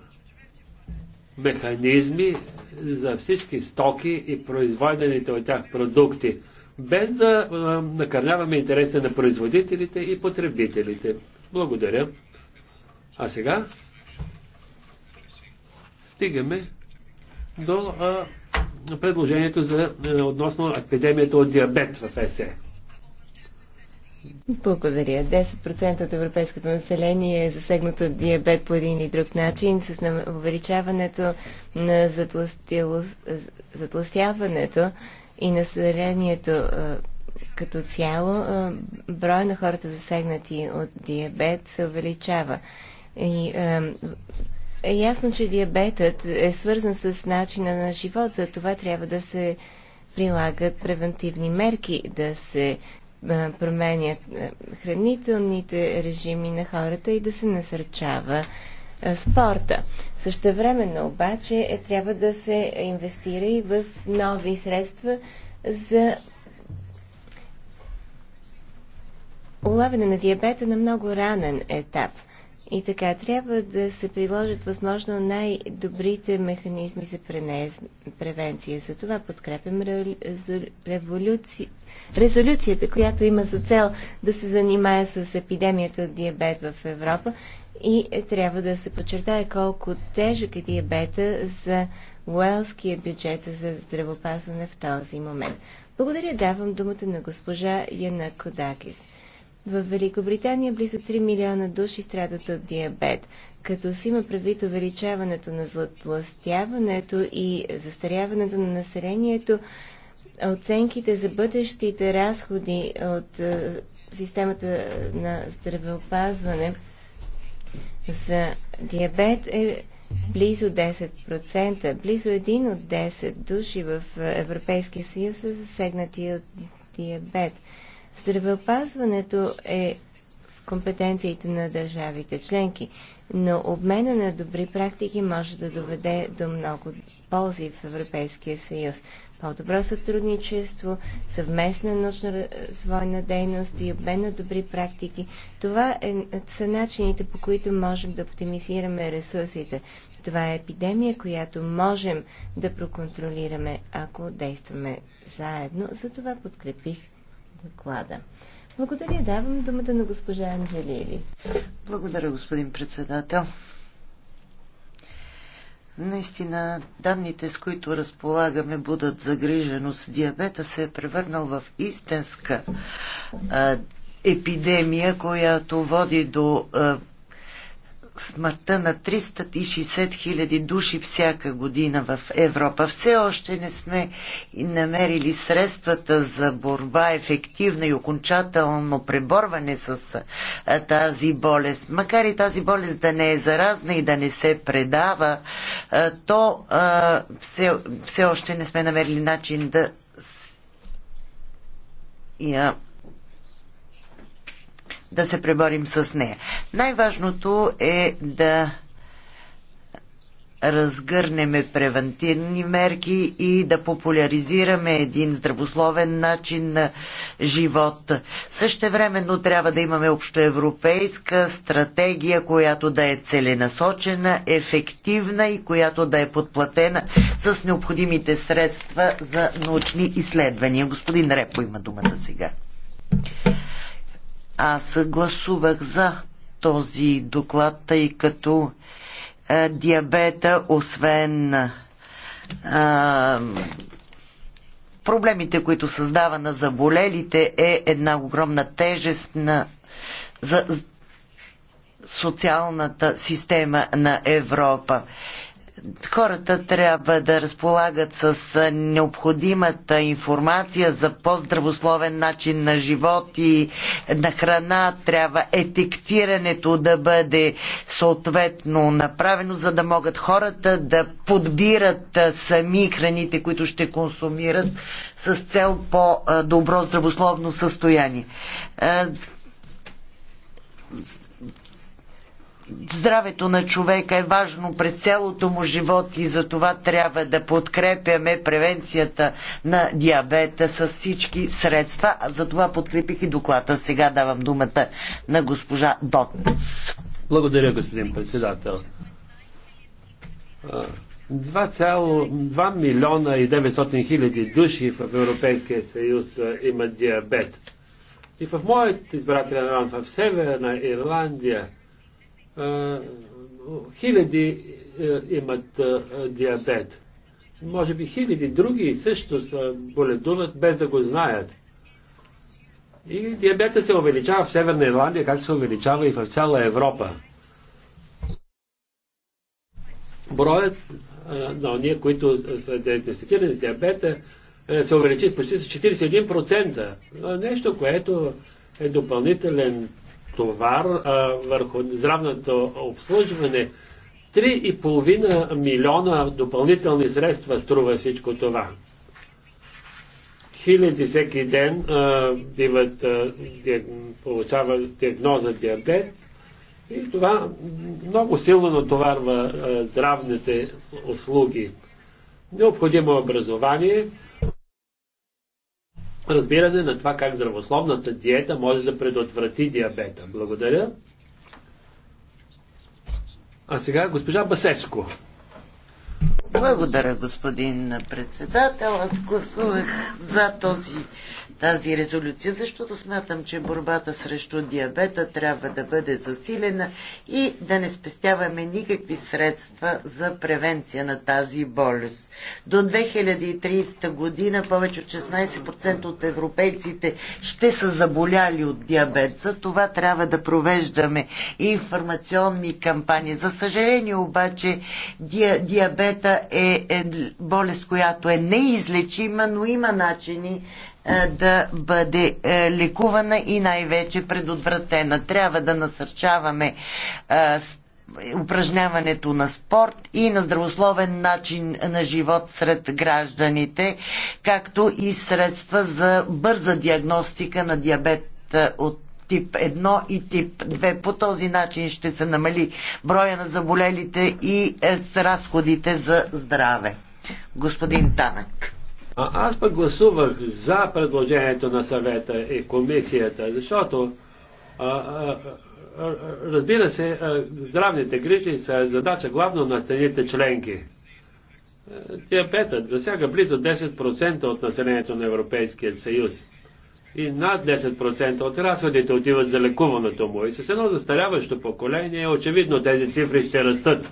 механизми за всички стоки и произведените от тях продукти, без да накърняваме интереса на производителите и потребителите. Благодаря. А сега стигаме до а, предложението за, а, относно епидемията от диабет в ЕСЕ. Благодаря. 10% от европейското население е засегнато от диабет по един или друг начин. С увеличаването на затластяването и населението като цяло, броя на хората засегнати от диабет се увеличава. И е ясно, че диабетът е свързан с начина на живот, за това трябва да се прилагат превентивни мерки, да се променят хранителните режими на хората и да се насърчава спорта. Същевременно обаче е, трябва да се инвестира и в нови средства за улавяне на диабета на много ранен етап – и така, трябва да се приложат възможно най-добрите механизми за превенция. За това подкрепям революци... резолюцията, която има за цел да се занимае с епидемията диабет в Европа и е, трябва да се подчертае колко тежък е диабета за уелския бюджет за здравопазване в този момент. Благодаря, давам думата на госпожа Яна Кодакис. В Великобритания близо 3 милиона души страдат от диабет. Като си има предвид увеличаването на златластяването и застаряването на населението, оценките за бъдещите разходи от е, системата на здравеопазване за диабет е близо 10%. Близо един от 10 души в Европейския съюз са засегнати от диабет. Здравеопазването е в компетенциите на държавите членки, но обмена на добри практики може да доведе до много ползи в Европейския съюз. По-добро сътрудничество, съвместна научно-развойна дейност и обмен на добри практики – това е, са начините, по които можем да оптимизираме ресурсите. Това е епидемия, която можем да проконтролираме, ако действаме заедно. Затова подкрепих доклада. Благодаря. Давам думата на госпожа Анджелили. Благодаря, господин председател. Наистина, данните, с които разполагаме, будат загриженост. Диабета се е превърнал в истинска а, епидемия, която води до а, смъртта на 360 хиляди души всяка година в Европа. Все още не сме намерили средствата за борба, ефективна и окончателно преборване с тази болест. Макар и тази болест да не е заразна и да не се предава, то все, все още не сме намерили начин да я да се преборим с нея. Най-важното е да разгърнеме превентивни мерки и да популяризираме един здравословен начин на живот. Същевременно трябва да имаме общоевропейска стратегия, която да е целенасочена, ефективна и която да е подплатена с необходимите средства за научни изследвания. Господин Репо има думата сега. Аз гласувах за този доклад, тъй като е, диабета, освен е, проблемите, които създава на заболелите, е една огромна тежест на, за социалната система на Европа хората трябва да разполагат с необходимата информация за по-здравословен начин на живот и на храна. Трябва етиктирането да бъде съответно направено, за да могат хората да подбират сами храните, които ще консумират с цел по-добро здравословно състояние здравето на човека е важно през цялото му живот и за това трябва да подкрепяме превенцията на диабета с всички средства. За това подкрепих и доклада. Сега давам думата на госпожа Дотнес. Благодаря, господин председател. 2,2 милиона и 900 хиляди души в Европейския съюз имат диабет. И в моят избирателен район в Северна Ирландия хиляди е, имат е, диабет. Може би хиляди други също боледуват без да го знаят. И диабета се увеличава в Северна Ирландия, както се увеличава и в цяла Европа. Броят е, на ние, които са диагностикирани с диабета, се увеличи почти с 41%. Нещо, което е допълнителен товар а, върху здравното обслужване. 3,5 милиона допълнителни средства струва всичко това. Хиляди всеки ден а, биват, а, диаг... получават диагноза диабет и това много силно натоварва а, здравните услуги. Необходимо образование, Разбира се на това как здравословната диета може да предотврати диабета. Благодаря. А сега госпожа Басеско. Благодаря, господин председател. Аз гласувах за този тази резолюция, защото смятам, че борбата срещу диабета трябва да бъде засилена и да не спестяваме никакви средства за превенция на тази болест. До 2030 година повече от 16% от европейците ще са заболяли от диабет. За това трябва да провеждаме информационни кампании. За съжаление обаче диабета е, е болест, която е неизлечима, но има начини е, да бъде е, лекувана и най-вече предотвратена. Трябва да насърчаваме е, упражняването на спорт и на здравословен начин на живот сред гражданите, както и средства за бърза диагностика на диабет от тип 1 и тип 2. По този начин ще се намали броя на заболелите и разходите за здраве. Господин Танък. А аз пък гласувах за предложението на съвета и комисията, защото а, а, а, разбира се, а, здравните грижи са задача главно на страните членки. Диабетът е, засяга близо 10% от населението на Европейския съюз. И над 10% от разходите отиват за лекуването му. И с едно застаряващо поколение, очевидно тези цифри ще растат.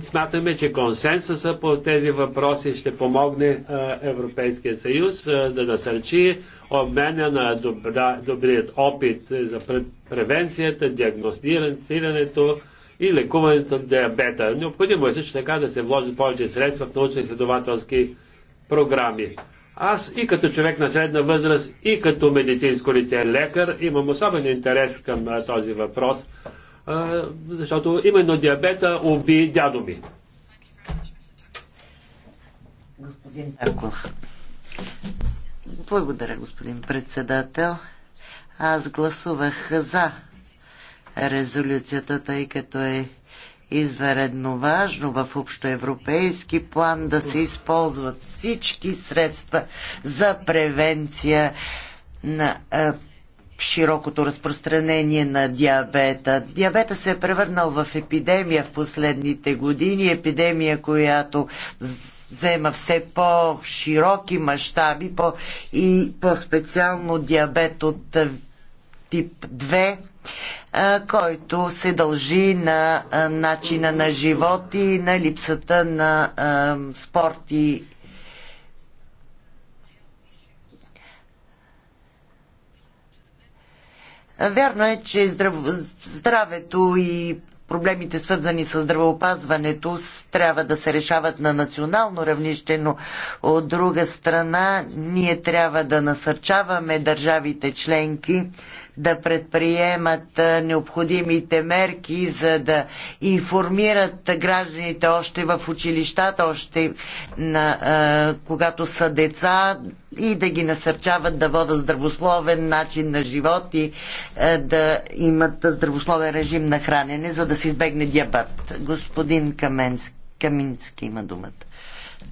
Смятаме, че консенсуса по тези въпроси ще помогне Европейския съюз да насърчи обменя на добра, добрият опит за превенцията, диагностирането и лекуването на диабета. Необходимо е също така да се вложи повече средства в научно-изследователски програми. Аз и като човек на средна възраст, и като медицинско лице лекар имам особен интерес към този въпрос защото именно диабета уби дядо ми. Господин Тарков. Благодаря, господин председател. Аз гласувах за резолюцията, тъй като е изваредно важно в общоевропейски план да се използват всички средства за превенция на широкото разпространение на диабета. Диабета се е превърнал в епидемия в последните години, епидемия, която взема все по-широки мащаби по- и по-специално диабет от тип 2 който се дължи на начина на живот и на липсата на спорт и Вярно е, че здрав... здравето и проблемите свързани с здравеопазването трябва да се решават на национално равнище, но от друга страна ние трябва да насърчаваме държавите членки да предприемат необходимите мерки, за да информират гражданите още в училищата, още на, когато са деца и да ги насърчават да водят здравословен начин на живот и да имат здравословен режим на хранене, за да се избегне диабет. Господин Каменски, Камински има думата.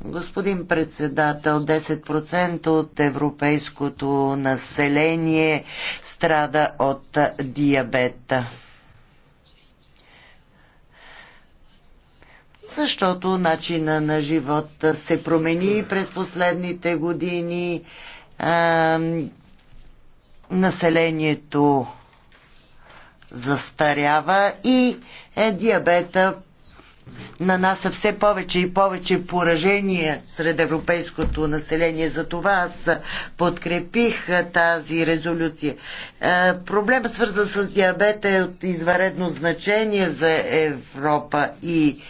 Господин председател, 10% от европейското население страда от диабета. Защото начина на живот се промени през последните години. А, населението застарява и е, диабета нанася все повече и повече поражения сред европейското население. Затова аз подкрепих тази резолюция. Проблема свързан с диабета е от изваредно значение за Европа и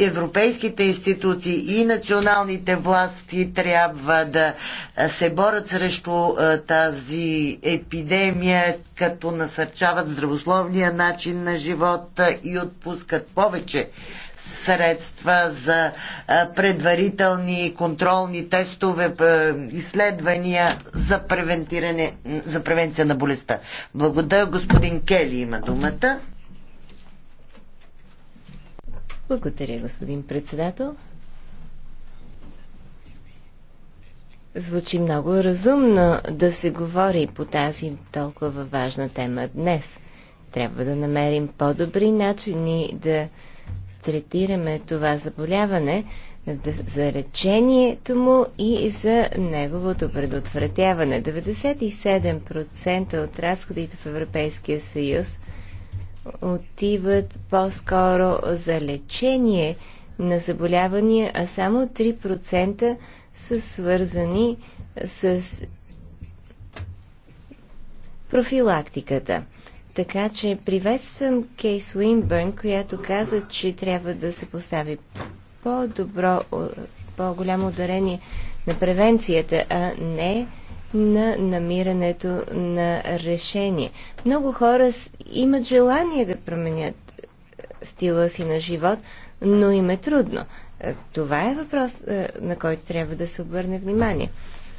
европейските институции и националните власти трябва да се борят срещу тази епидемия, като насърчават здравословния начин на живота и отпускат повече средства за предварителни контролни тестове, изследвания за, превентиране, за превенция на болестта. Благодаря. Господин Кели има думата. Благодаря, господин председател. Звучи много разумно да се говори по тази толкова важна тема днес. Трябва да намерим по-добри начини да третираме това заболяване, за лечението му и за неговото предотвратяване. 97% от разходите в Европейския съюз отиват по-скоро за лечение на заболявания, а само 3% са свързани с профилактиката. Така че приветствам Кейс Уинбърн, която каза, че трябва да се постави по-добро, по-голямо ударение на превенцията, а не на намирането на решение. Много хора имат желание да променят е, стила си на живот, но им е трудно. Е, това е въпрос, е, на който трябва да се обърне внимание.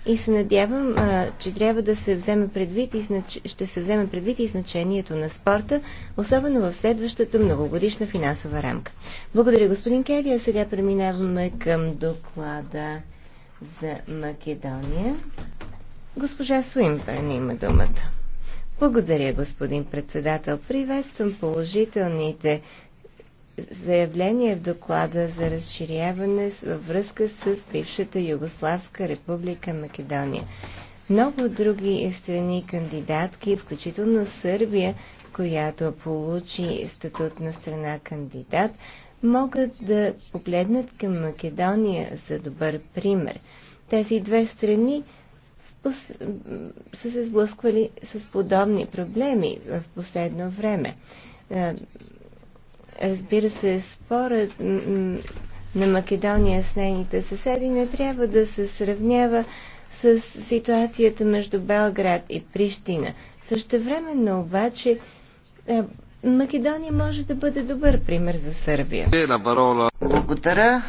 И се надявам, че трябва да се вземе предвид и знач... ще се вземе предвид и значението на спорта, особено в следващата многогодишна финансова рамка. Благодаря, господин Кели. А сега преминаваме към доклада за Македония. Госпожа Суинбърн има думата. Благодаря, господин председател. Приветствам положителните заявление в доклада за разширяване във връзка с бившата Югославска република Македония. Много други страни кандидатки, включително Сърбия, която получи статут на страна кандидат, могат да погледнат към Македония за добър пример. Тези две страни са се сблъсквали с подобни проблеми в последно време. Е, Разбира се, според на Македония с нейните съседи не трябва да се сравнява с ситуацията между Белград и Прищина. Същевременно обаче е, Македония може да бъде добър пример за Сърбия. Е, благодаря.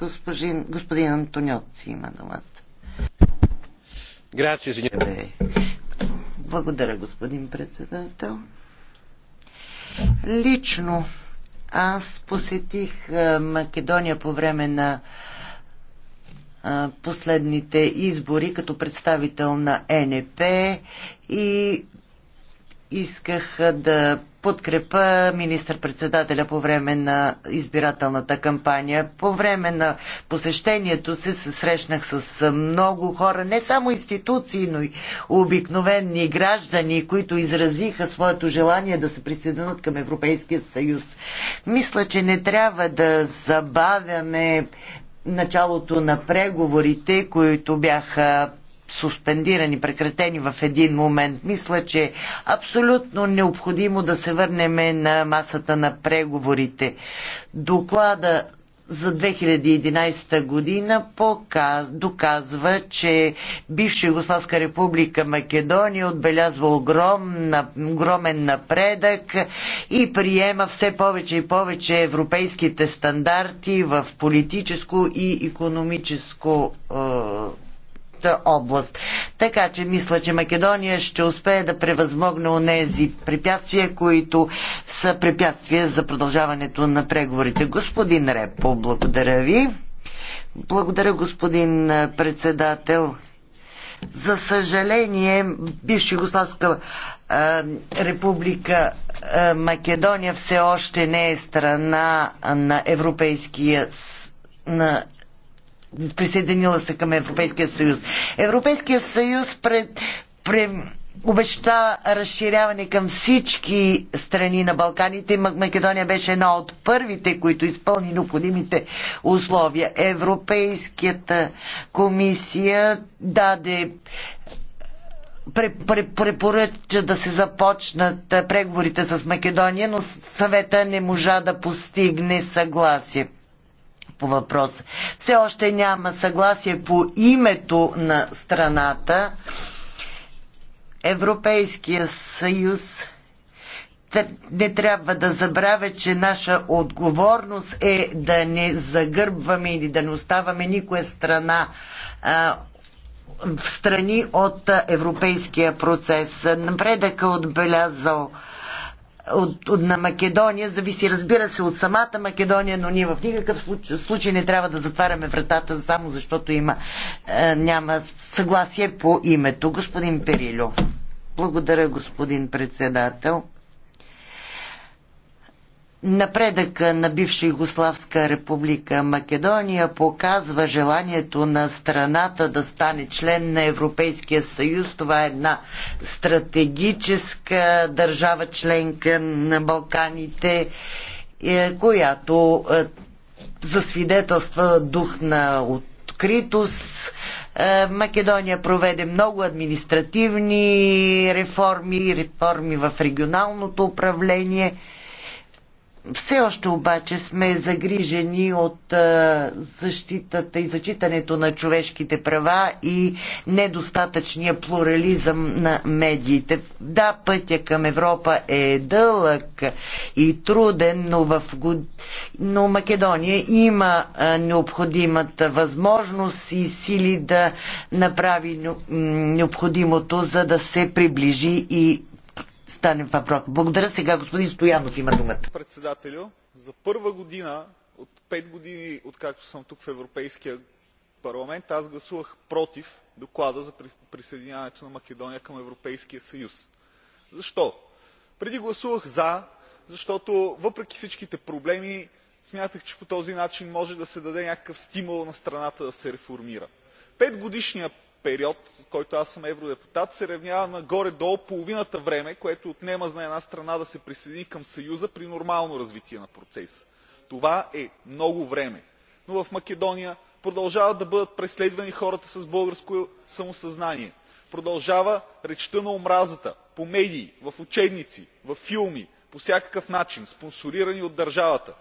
Господин, господин Антониоци има думата. Грация, сеньор. Е, благодаря, господин председател. Лично аз посетих Македония по време на последните избори като представител на НП и исках да подкрепа министър-председателя по време на избирателната кампания. По време на посещението си се срещнах с много хора, не само институции, но и обикновени граждани, които изразиха своето желание да се присъединят към Европейския съюз. Мисля, че не трябва да забавяме началото на преговорите, които бяха суспендирани, прекратени в един момент. Мисля, че е абсолютно необходимо да се върнем на масата на преговорите. Доклада за 2011 година показ, доказва, че бивша Югославска република Македония отбелязва огромна, огромен напредък и приема все повече и повече европейските стандарти в политическо и економическо е, област. Така че мисля, че Македония ще успее да превъзмогне онези препятствия, които са препятствия за продължаването на преговорите. Господин Репо, благодаря ви. Благодаря, господин председател. За съжаление, Бивши Югославска република а, Македония все още не е страна на Европейския на присъединила се към Европейския съюз. Европейския съюз пред, пред обеща разширяване към всички страни на Балканите. Македония беше една от първите, които изпълни необходимите условия. Европейската комисия даде препоръча да се започнат преговорите с Македония, но съвета не можа да постигне съгласие по въпрос. Все още няма съгласие по името на страната. Европейския съюз не трябва да забравя, че наша отговорност е да не загърбваме или да не оставаме никоя страна а, в страни от европейския процес. Напредъка отбелязал от, от, на Македония зависи, разбира се, от самата Македония, но ние в никакъв случай, случай не трябва да затваряме вратата, само защото има, е, няма съгласие по името. Господин Перилю. Благодаря, господин председател. Напредъка на бивша Югославска република Македония показва желанието на страната да стане член на Европейския съюз. Това е една стратегическа държава членка на Балканите, е, която е, засвидетелства дух на откритост. Е, Македония проведе много административни реформи, реформи в регионалното управление – все още обаче сме загрижени от защитата и зачитането на човешките права и недостатъчния плурализъм на медиите. Да, пътя към Европа е дълъг и труден, но, в... но Македония има необходимата възможност и сили да направи необходимото, за да се приближи и стане въпрос. Благодаря сега, господин Стоянов има думата. Председателю, за първа година от пет години, откакто съм тук в Европейския парламент, аз гласувах против доклада за присъединяването на Македония към Европейския съюз. Защо? Преди гласувах за, защото въпреки всичките проблеми, смятах, че по този начин може да се даде някакъв стимул на страната да се реформира. Петгодишният период в който аз съм евродепутат се равнява на горе долу половината време което отнема на една страна да се присъедини към съюза при нормално развитие на процеса. това е много време. но в македония продължават да бъдат преследвани хората с българско самосъзнание продължава речта на омразата по медии в учебници във филми по всякакъв начин спонсорирани от държавата.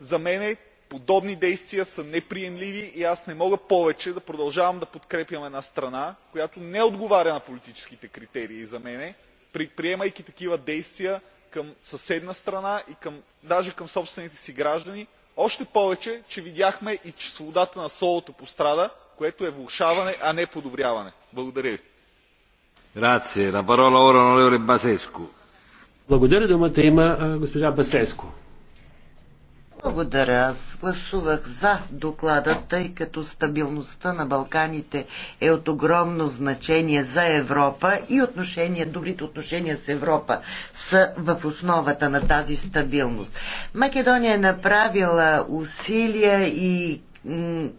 за мен е подобни действия са неприемливи и аз не мога повече да продължавам да подкрепям една страна която не отговаря на политическите критерии за мен предприемайки такива действия към съседна страна и даже към собствените си граждани още повече че видяхме и че свободата на словото пострада което е влошаване а не подобряване. благодаря ви. Благодаря. Думата има госпожа Басеско. Благодаря. Аз гласувах за доклада, тъй като стабилността на Балканите е от огромно значение за Европа и отношения, добрите отношения с Европа са в основата на тази стабилност. Македония е направила усилия и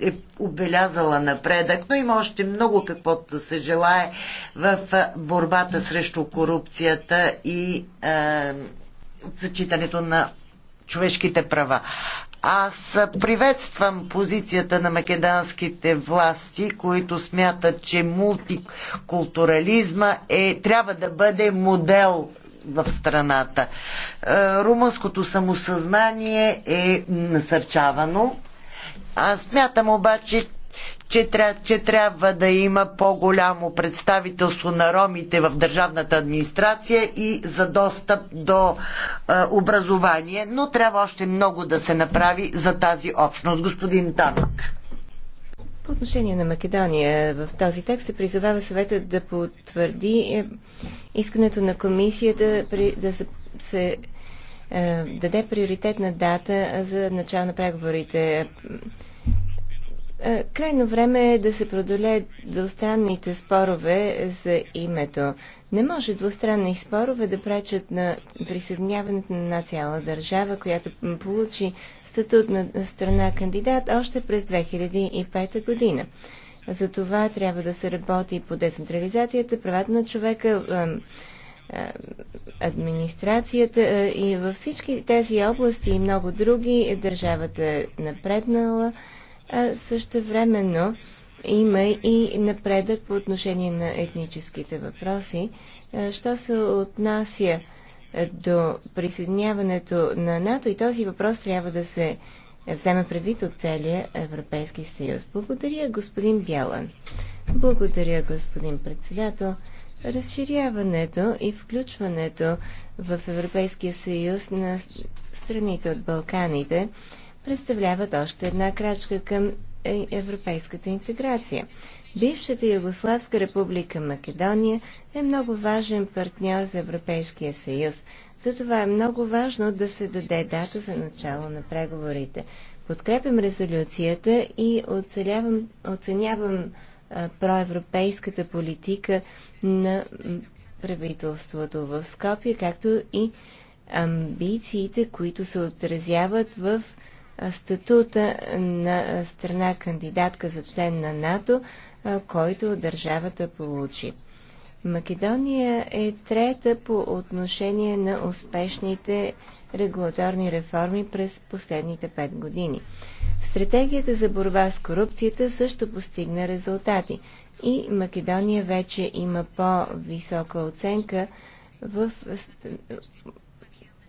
е обелязала напредък, но има още много каквото да се желае в борбата срещу корупцията и е, зачитането на човешките права. Аз приветствам позицията на македонските власти, които смятат, че мултикултурализма е, трябва да бъде модел в страната. Е, румънското самосъзнание е насърчавано. Аз смятам обаче, че, че трябва да има по-голямо представителство на ромите в държавната администрация и за достъп до е, образование, но трябва още много да се направи за тази общност. Господин Танък. По отношение на Македония, в този текст се призовава съветът да потвърди е, искането на комисията да се, се е, даде приоритетна дата за начало на преговорите. Е, крайно време е да се продолеят двустранните спорове за името. Не може двустранни спорове да пречат на присъединяването на цяла държава, която получи статут на страна кандидат още през 2005 година. За това трябва да се работи по децентрализацията, правата на човека, администрацията е, и във всички тези области и много други е държавата е напреднала а също времено има и напредък по отношение на етническите въпроси. Що се отнася до присъединяването на НАТО и този въпрос трябва да се вземе предвид от целия Европейски съюз. Благодаря, господин Бялан. Благодаря, господин председател. Разширяването и включването в Европейския съюз на страните от Балканите представляват още една крачка към е, европейската интеграция. Бившата Югославска република Македония е много важен партньор за Европейския съюз. Затова е много важно да се даде дата за начало на преговорите. Подкрепям резолюцията и оцелявам, оценявам а, проевропейската политика на правителството в Скопия, както и амбициите, които се отразяват в статута на страна кандидатка за член на НАТО, който държавата получи. Македония е трета по отношение на успешните регулаторни реформи през последните пет години. Стратегията за борба с корупцията също постигна резултати и Македония вече има по-висока оценка в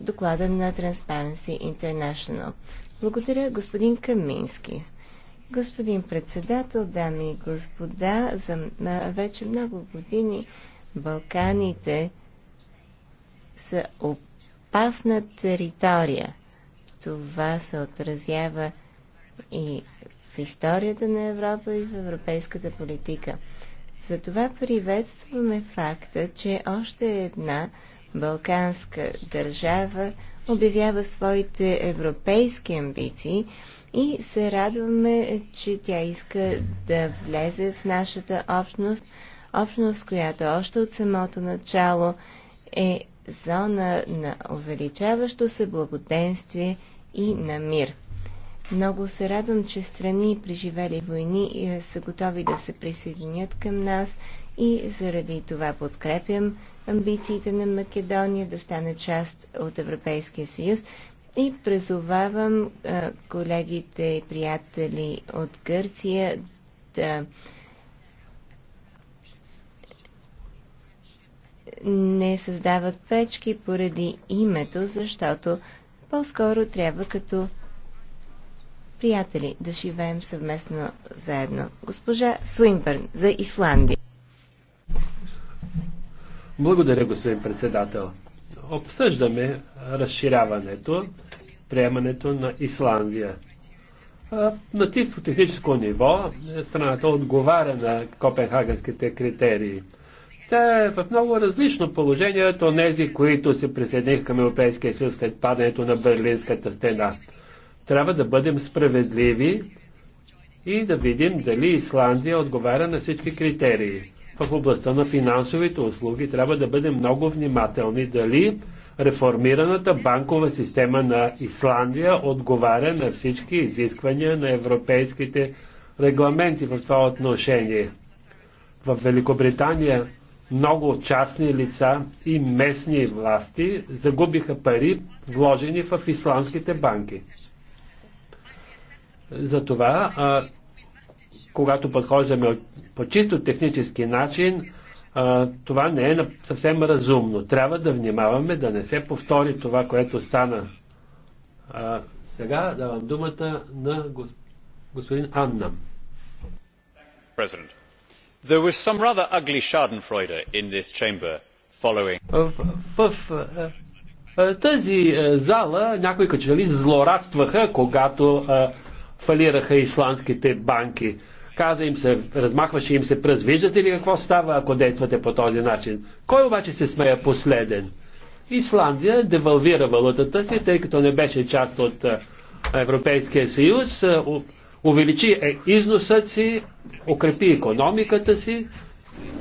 доклада на Transparency International. Благодаря, господин Камински. Господин председател, дами и господа, за вече много години Балканите са опасна територия. Това се отразява и в историята на Европа и в европейската политика. Затова приветстваме факта, че още една балканска държава обявява своите европейски амбиции и се радваме, че тя иска да влезе в нашата общност, общност, която още от самото начало е зона на увеличаващо се благоденствие и на мир. Много се радвам, че страни, преживели войни, е, са готови да се присъединят към нас и заради това подкрепям амбициите на Македония да стане част от Европейския съюз. И призовавам колегите и приятели от Гърция да не създават пречки поради името, защото по-скоро трябва като приятели да живеем съвместно заедно. Госпожа Суинбърн за Исландия. Благодаря, господин председател. Обсъждаме разширяването, приемането на Исландия. На чисто техническо ниво е, страната отговаря на копенхагенските критерии. Тя е в много различно положение от онези, които се присъединиха към Европейския съюз след падането на Берлинската стена. Трябва да бъдем справедливи и да видим дали Исландия отговаря на всички критерии в областта на финансовите услуги трябва да бъдем много внимателни дали реформираната банкова система на Исландия отговаря на всички изисквания на европейските регламенти в това отношение. В Великобритания много частни лица и местни власти загубиха пари, вложени в исландските банки. Затова а, когато подхождаме по чисто технически начин, а, това не е съвсем разумно. Трябва да внимаваме да не се повтори това, което стана. А, сега давам думата на господин Анна. There was some rather ugly schadenfreude in this chamber following. В, в, в, тази зала някои качели злорадстваха, когато а, фалираха исландските банки каза им се, размахваше им се пръст. Виждате ли какво става, ако действате по този начин? Кой обаче се смея последен? Исландия девалвира валутата си, тъй като не беше част от Европейския съюз, увеличи е, износът си, укрепи економиката си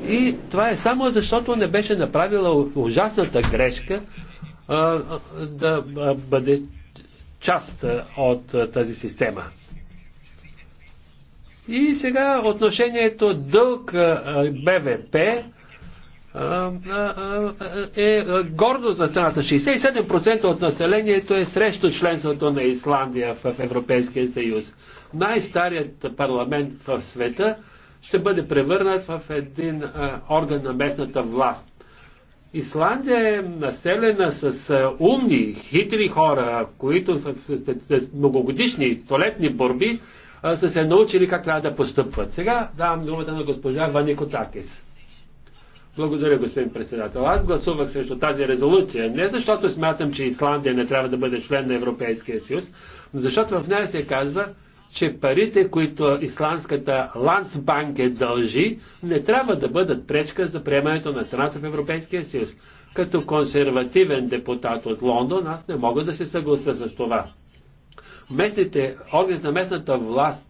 и това е само защото не беше направила ужасната грешка а, да бъде част от тази система. И сега отношението дълг БВП е гордо за страната. 67% от населението е срещу членството на Исландия в Европейския съюз. Най-старият парламент в света ще бъде превърнат в един орган на местната власт. Исландия е населена с умни, хитри хора, които с многогодишни столетни борби са се научили как трябва да постъпват. Сега давам думата на госпожа Ванико Такис. Благодаря, господин председател. Аз гласувах срещу тази резолюция не защото смятам, че Исландия не трябва да бъде член на Европейския съюз, но защото в нея се казва, че парите, които исландската Ландсбанк е дължи, не трябва да бъдат пречка за приемането на страната в Европейския съюз. Като консервативен депутат от Лондон, аз не мога да се съглася с това местните, органите на местната власт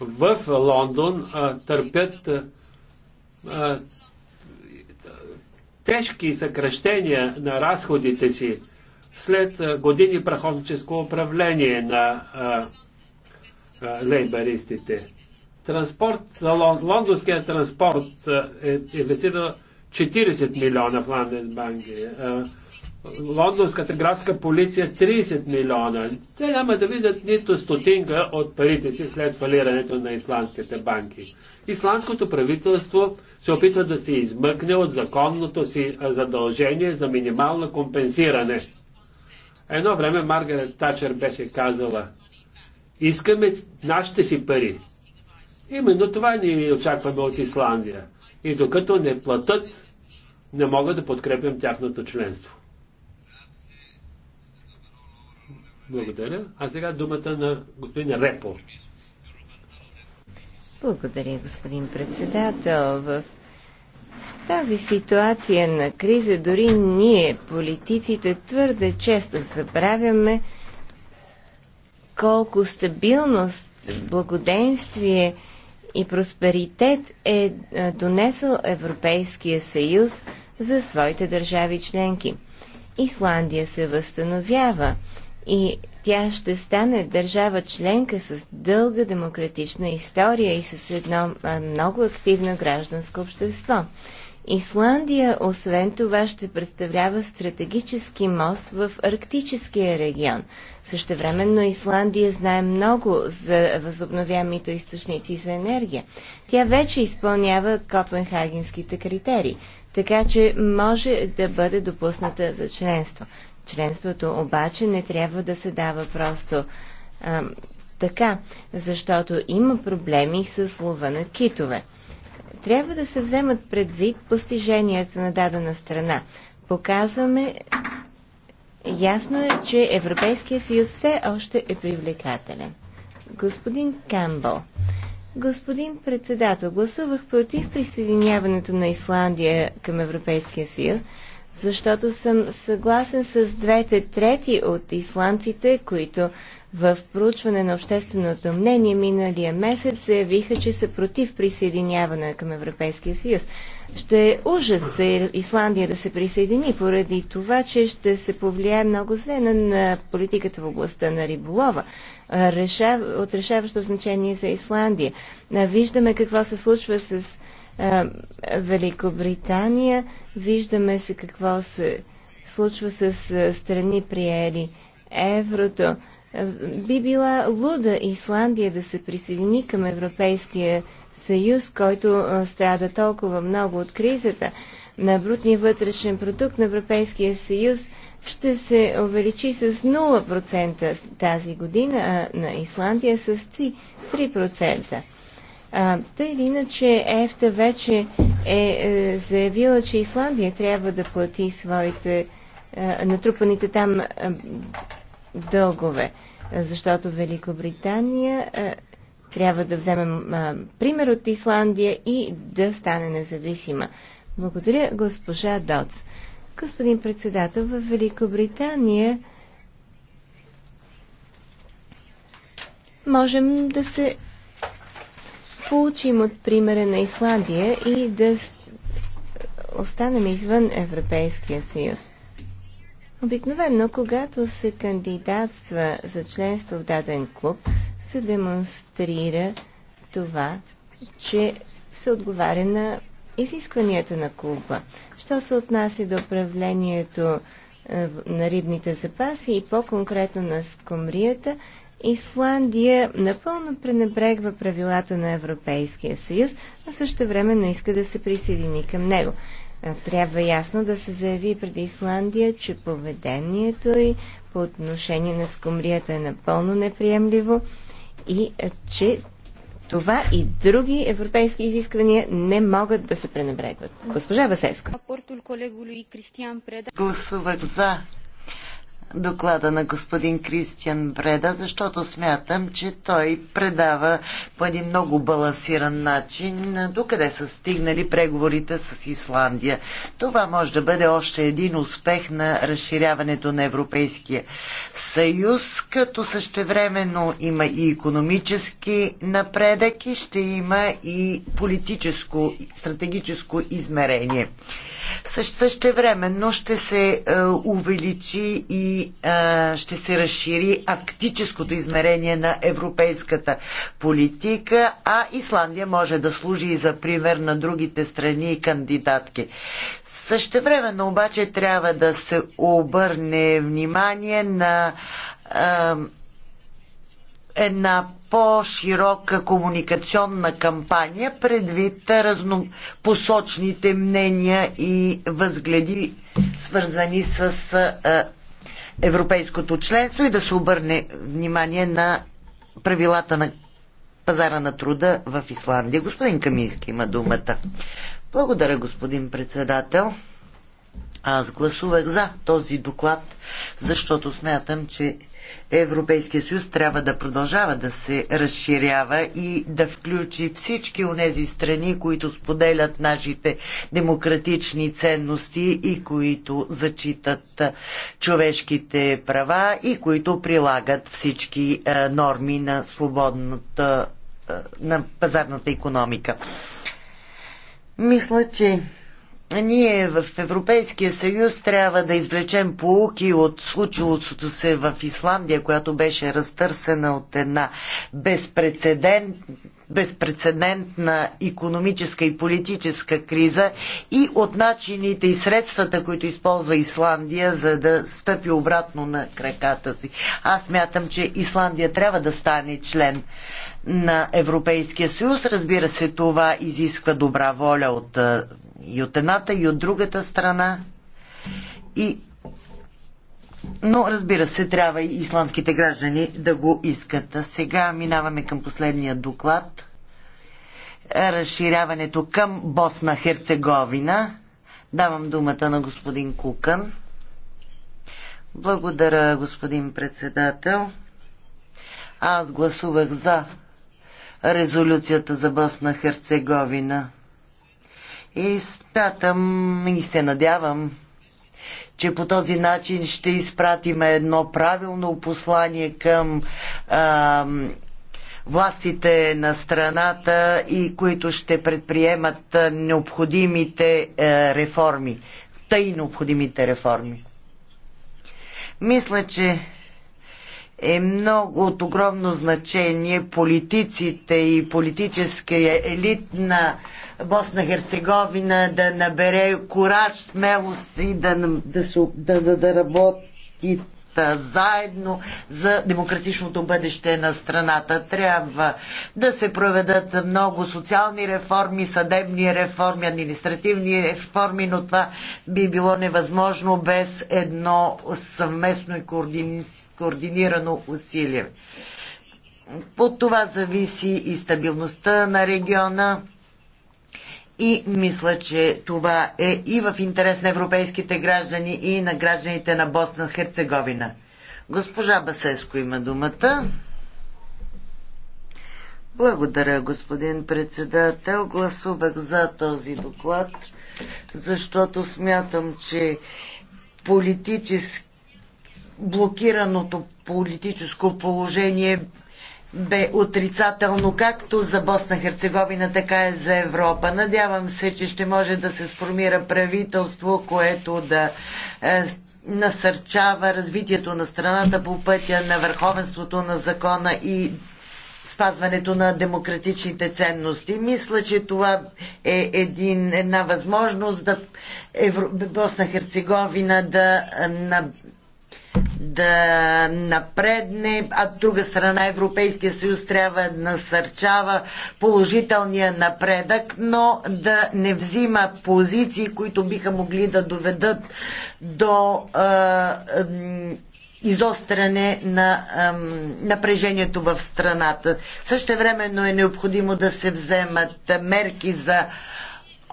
в Лондон а, търпят а, тежки съкръщения на разходите си след години прахотническо управление на а, а, лейбаристите. Транспорт, лондонският транспорт е инвестирал 40 милиона в Ланден Банги лондонската градска полиция 30 милиона. Те няма да видят нито стотинка от парите си след фалирането на исландските банки. Исландското правителство се опитва да се измъкне от законното си задължение за минимално компенсиране. Едно време Маргарет Тачер беше казала, искаме нашите си пари. Именно това ни очакваме от Исландия. И докато не платят, не могат да подкрепям тяхното членство. Благодаря. А сега думата на господин Репо. Благодаря, господин председател. В тази ситуация на криза дори ние, политиците, твърде често забравяме колко стабилност, благоденствие и просперитет е, е донесъл Европейския съюз за своите държави членки. Исландия се възстановява и тя ще стане държава членка с дълга демократична история и с едно много активно гражданско общество. Исландия, освен това, ще представлява стратегически мост в арктическия регион. Същевременно Исландия знае много за възобновяемите източници за енергия. Тя вече изпълнява копенхагенските критерии, така че може да бъде допусната за членство. Членството обаче не трябва да се дава просто а, така, защото има проблеми с лова на китове. Трябва да се вземат предвид постиженията на дадена страна. Показваме Ясно е, че Европейския съюз все още е привлекателен. Господин Камбъл, господин председател, гласувах против присъединяването на Исландия към Европейския съюз, защото съм съгласен с двете трети от исландците, които в проучване на общественото мнение миналия месец заявиха, че са против присъединяване към Европейския съюз. Ще е ужас за Исландия да се присъедини поради това, че ще се повлияе много зле на политиката в областта на риболова. От решаващо значение за Исландия. Виждаме какво се случва с е, Великобритания. Виждаме се какво се случва с е, страни приели еврото. Е, Би била луда Исландия да се присъедини към Европейския съюз, който страда толкова много от кризата. На брутния вътрешен продукт на Европейския съюз ще се увеличи с 0% тази година, а на Исландия с 3%. Та или иначе ЕФТА вече е, е заявила, че Исландия трябва да плати своите е, натрупаните там е, дългове, защото Великобритания трябва да вземем пример от Исландия и да стане независима. Благодаря, госпожа Доц. Господин председател, в Великобритания можем да се получим от примера на Исландия и да останем извън Европейския съюз. Обикновено, когато се кандидатства за членство в даден клуб, се демонстрира това, че се отговаря на изискванията на клуба. Що се отнася до управлението е, на рибните запаси и по-конкретно на скомрията, Исландия напълно пренебрегва правилата на Европейския съюз, а също времено иска да се присъедини към него. Трябва ясно да се заяви преди Исландия, че поведението й по отношение на скумрията е напълно неприемливо и че това и други европейски изисквания не могат да се пренебрегват. Госпожа Васеско. Гласувах за доклада на господин Кристиан Бреда, защото смятам, че той предава по един много балансиран начин докъде са стигнали преговорите с Исландия. Това може да бъде още един успех на разширяването на Европейския съюз, като същевременно има и економически напредък и ще има и политическо, стратегическо измерение. Същевременно ще се е, увеличи и а, ще се разшири арктическото измерение на европейската политика, а Исландия може да служи и за пример на другите страни и кандидатки. Същевременно обаче трябва да се обърне внимание на а, една по-широка комуникационна кампания предвид разнопосочните мнения и възгледи, свързани с а, европейското членство и да се обърне внимание на правилата на пазара на труда в Исландия. Господин Камински има думата. Благодаря, господин председател. Аз гласувах за този доклад, защото смятам, че Европейския съюз трябва да продължава да се разширява и да включи всички тези страни, които споделят нашите демократични ценности и които зачитат човешките права и които прилагат всички норми на свободната на пазарната економика. Мисля, че ние в Европейския съюз трябва да извлечем поуки от случилото се в Исландия, която беше разтърсена от една безпредседент, безпредседентна економическа и политическа криза и от начините и средствата, които използва Исландия, за да стъпи обратно на краката си. Аз мятам, че Исландия трябва да стане член на Европейския съюз. Разбира се, това изисква добра воля от и от едната, и от другата страна. И... Но, разбира се, трябва и исландските граждани да го искат. А сега минаваме към последния доклад. Разширяването към Босна-Херцеговина. Давам думата на господин Кукан. Благодаря, господин председател. Аз гласувах за резолюцията за Босна Херцеговина. И смятам и се надявам, че по този начин ще изпратиме едно правилно послание към а, властите на страната и които ще предприемат необходимите а, е, реформи. Тъй необходимите реформи. Мисля, че е много от огромно значение политиците и политическия елит на Босна Херцеговина да набере кораж, смелост и да, да, да, да, да работи заедно за демократичното бъдеще на страната. Трябва да се проведат много социални реформи, съдебни реформи, административни реформи, но това би било невъзможно без едно съвместно и координи... координирано усилие. От това зависи и стабилността на региона и мисля, че това е и в интерес на европейските граждани и на гражданите на Босна Херцеговина. Госпожа Басеско има думата. Благодаря, господин председател. Гласувах за този доклад, защото смятам, че политически блокираното политическо положение бе отрицателно както за Босна Херцеговина, така и за Европа. Надявам се, че ще може да се сформира правителство, което да е, насърчава развитието на страната по пътя на върховенството на закона и спазването на демократичните ценности. Мисля, че това е един, една възможност да Евро... Босна Херцеговина да е, на да напредне, а от друга страна Европейския съюз трябва да насърчава положителния напредък, но да не взима позиции, които биха могли да доведат до изостряне на а, напрежението в страната. времено е необходимо да се вземат мерки за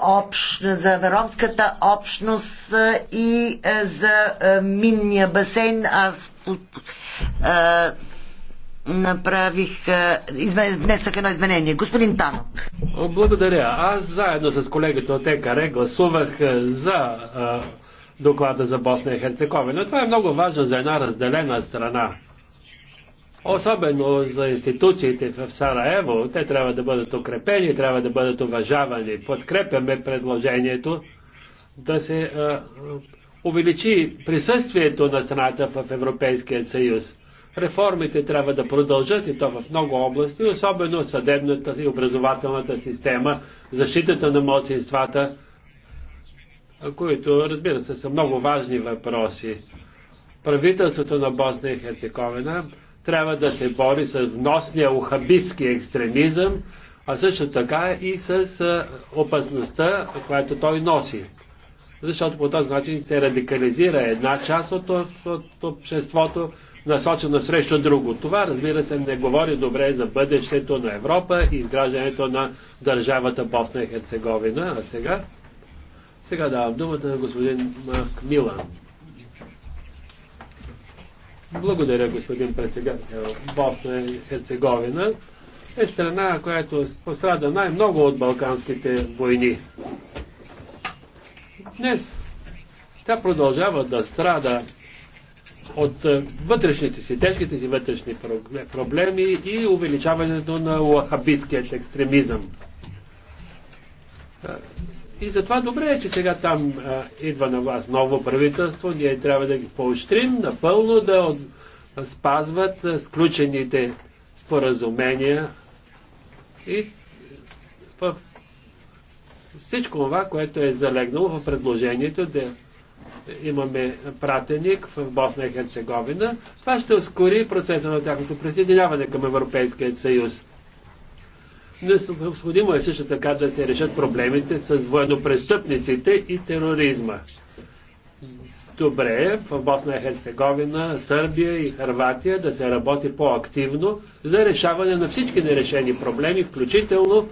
общ, за ромската общност и за минния басейн. Аз направих, внесах едно изменение. Господин Танок. Благодаря. Аз заедно с колегата от ЕКАРЕ гласувах за доклада за Босна и Херцеговина. Това е много важно за една разделена страна. Особено за институциите в Сараево, те трябва да бъдат укрепени, трябва да бъдат уважавани. Подкрепяме предложението да се а, увеличи присъствието на страната в Европейския съюз. Реформите трябва да продължат и то в много области, особено съдебната и образователната система, защитата на младсинствата, които, разбира се, са много важни въпроси. Правителството на Босна и Херцеговина трябва да се бори с вносния ухабитски екстремизъм, а също така и с опасността, която той носи. Защото по този начин се радикализира една част от, от обществото, насочена срещу друго. Това, разбира се, не говори добре за бъдещето на Европа и изграждането на държавата Босна и Херцеговина. А сега? Сега давам думата на господин Макмилан. Благодаря, господин председател. Босна и Херцеговина е страна, която пострада най-много от балканските войни. Днес тя продължава да страда от вътрешните си, тежките си вътрешни проблеми и увеличаването на лахабистският екстремизъм. И затова добре е, че сега там а, идва на власт ново правителство. Ние трябва да ги поощрим напълно да от, спазват а, сключените споразумения и в всичко това, което е залегнало в предложението да имаме пратеник в Босна и Херцеговина. Това ще ускори процеса на тяхното присъединяване към Европейския съюз. Необходимо е също така да се решат проблемите с военнопрестъпниците и тероризма. Добре е в Босна и Херцеговина, Сърбия и Харватия да се работи по-активно за решаване на всички нерешени проблеми, включително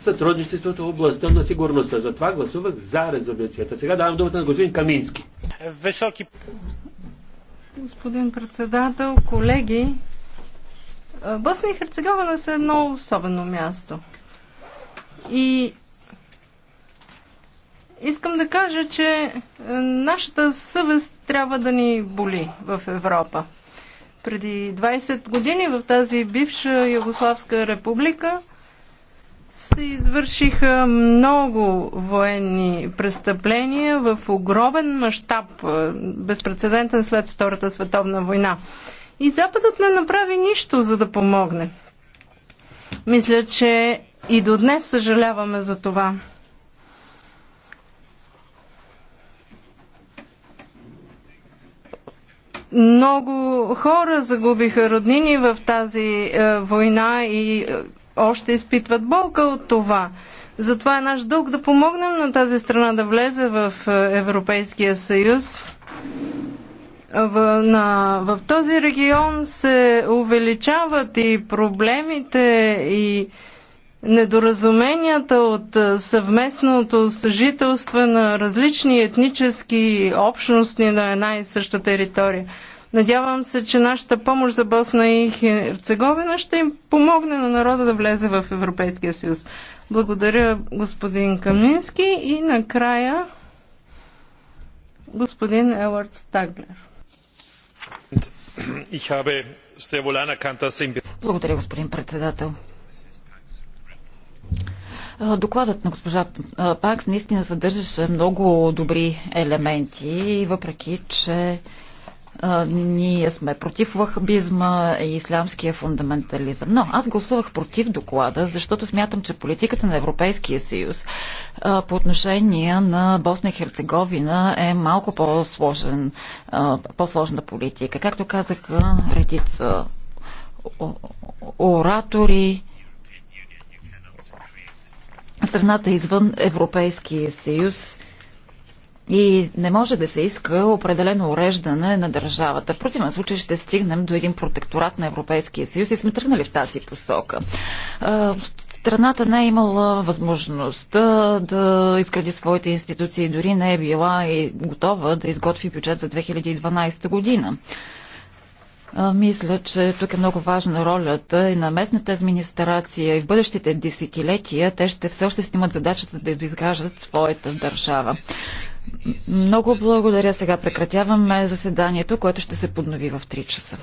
сътрудничеството в областта на сигурността. Затова гласувах за резолюцията. Сега давам думата на господин Камински. Високи. Господин председател, колеги, е, Босна и Херцеговина са едно особено място. И искам да кажа, че е, нашата съвест трябва да ни боли в Европа. Преди 20 години в тази бивша Югославска република се извършиха много военни престъпления в огромен мащаб, е, безпредседентен след Втората световна война. И Западът не направи нищо, за да помогне. Мисля, че и до днес съжаляваме за това. Много хора загубиха роднини в тази е, война и е, още изпитват болка от това. Затова е наш дълг да помогнем на тази страна да влезе в е, Европейския съюз в, на, в този регион се увеличават и проблемите и недоразуменията от съвместното съжителство на различни етнически общности на една и съща територия. Надявам се, че нашата помощ за Босна и Херцеговина ще им помогне на народа да влезе в Европейския съюз. Благодаря господин Камински и накрая господин Елард Стаглер. Благодаря, господин председател. Докладът на госпожа Пакс наистина съдържаше много добри елементи, въпреки че ние сме против лахабизма и ислямския фундаментализъм. Но аз гласувах против доклада, защото смятам, че политиката на Европейския съюз по отношение на Босна и Херцеговина е малко по-сложен, по-сложна политика. Както казах редица оратори, страната извън Европейския съюз и не може да се иска определено уреждане на държавата. В противен случай ще стигнем до един протекторат на Европейския съюз и сме тръгнали в тази посока. Страната не е имала възможността да изгради своите институции, дори не е била и готова да изготви бюджет за 2012 година. Мисля, че тук е много важна ролята и на местната администрация и в бъдещите десетилетия те ще все още снимат задачата да доизграждат своята държава. Много благодаря. Сега прекратяваме заседанието, което ще се поднови в 3 часа.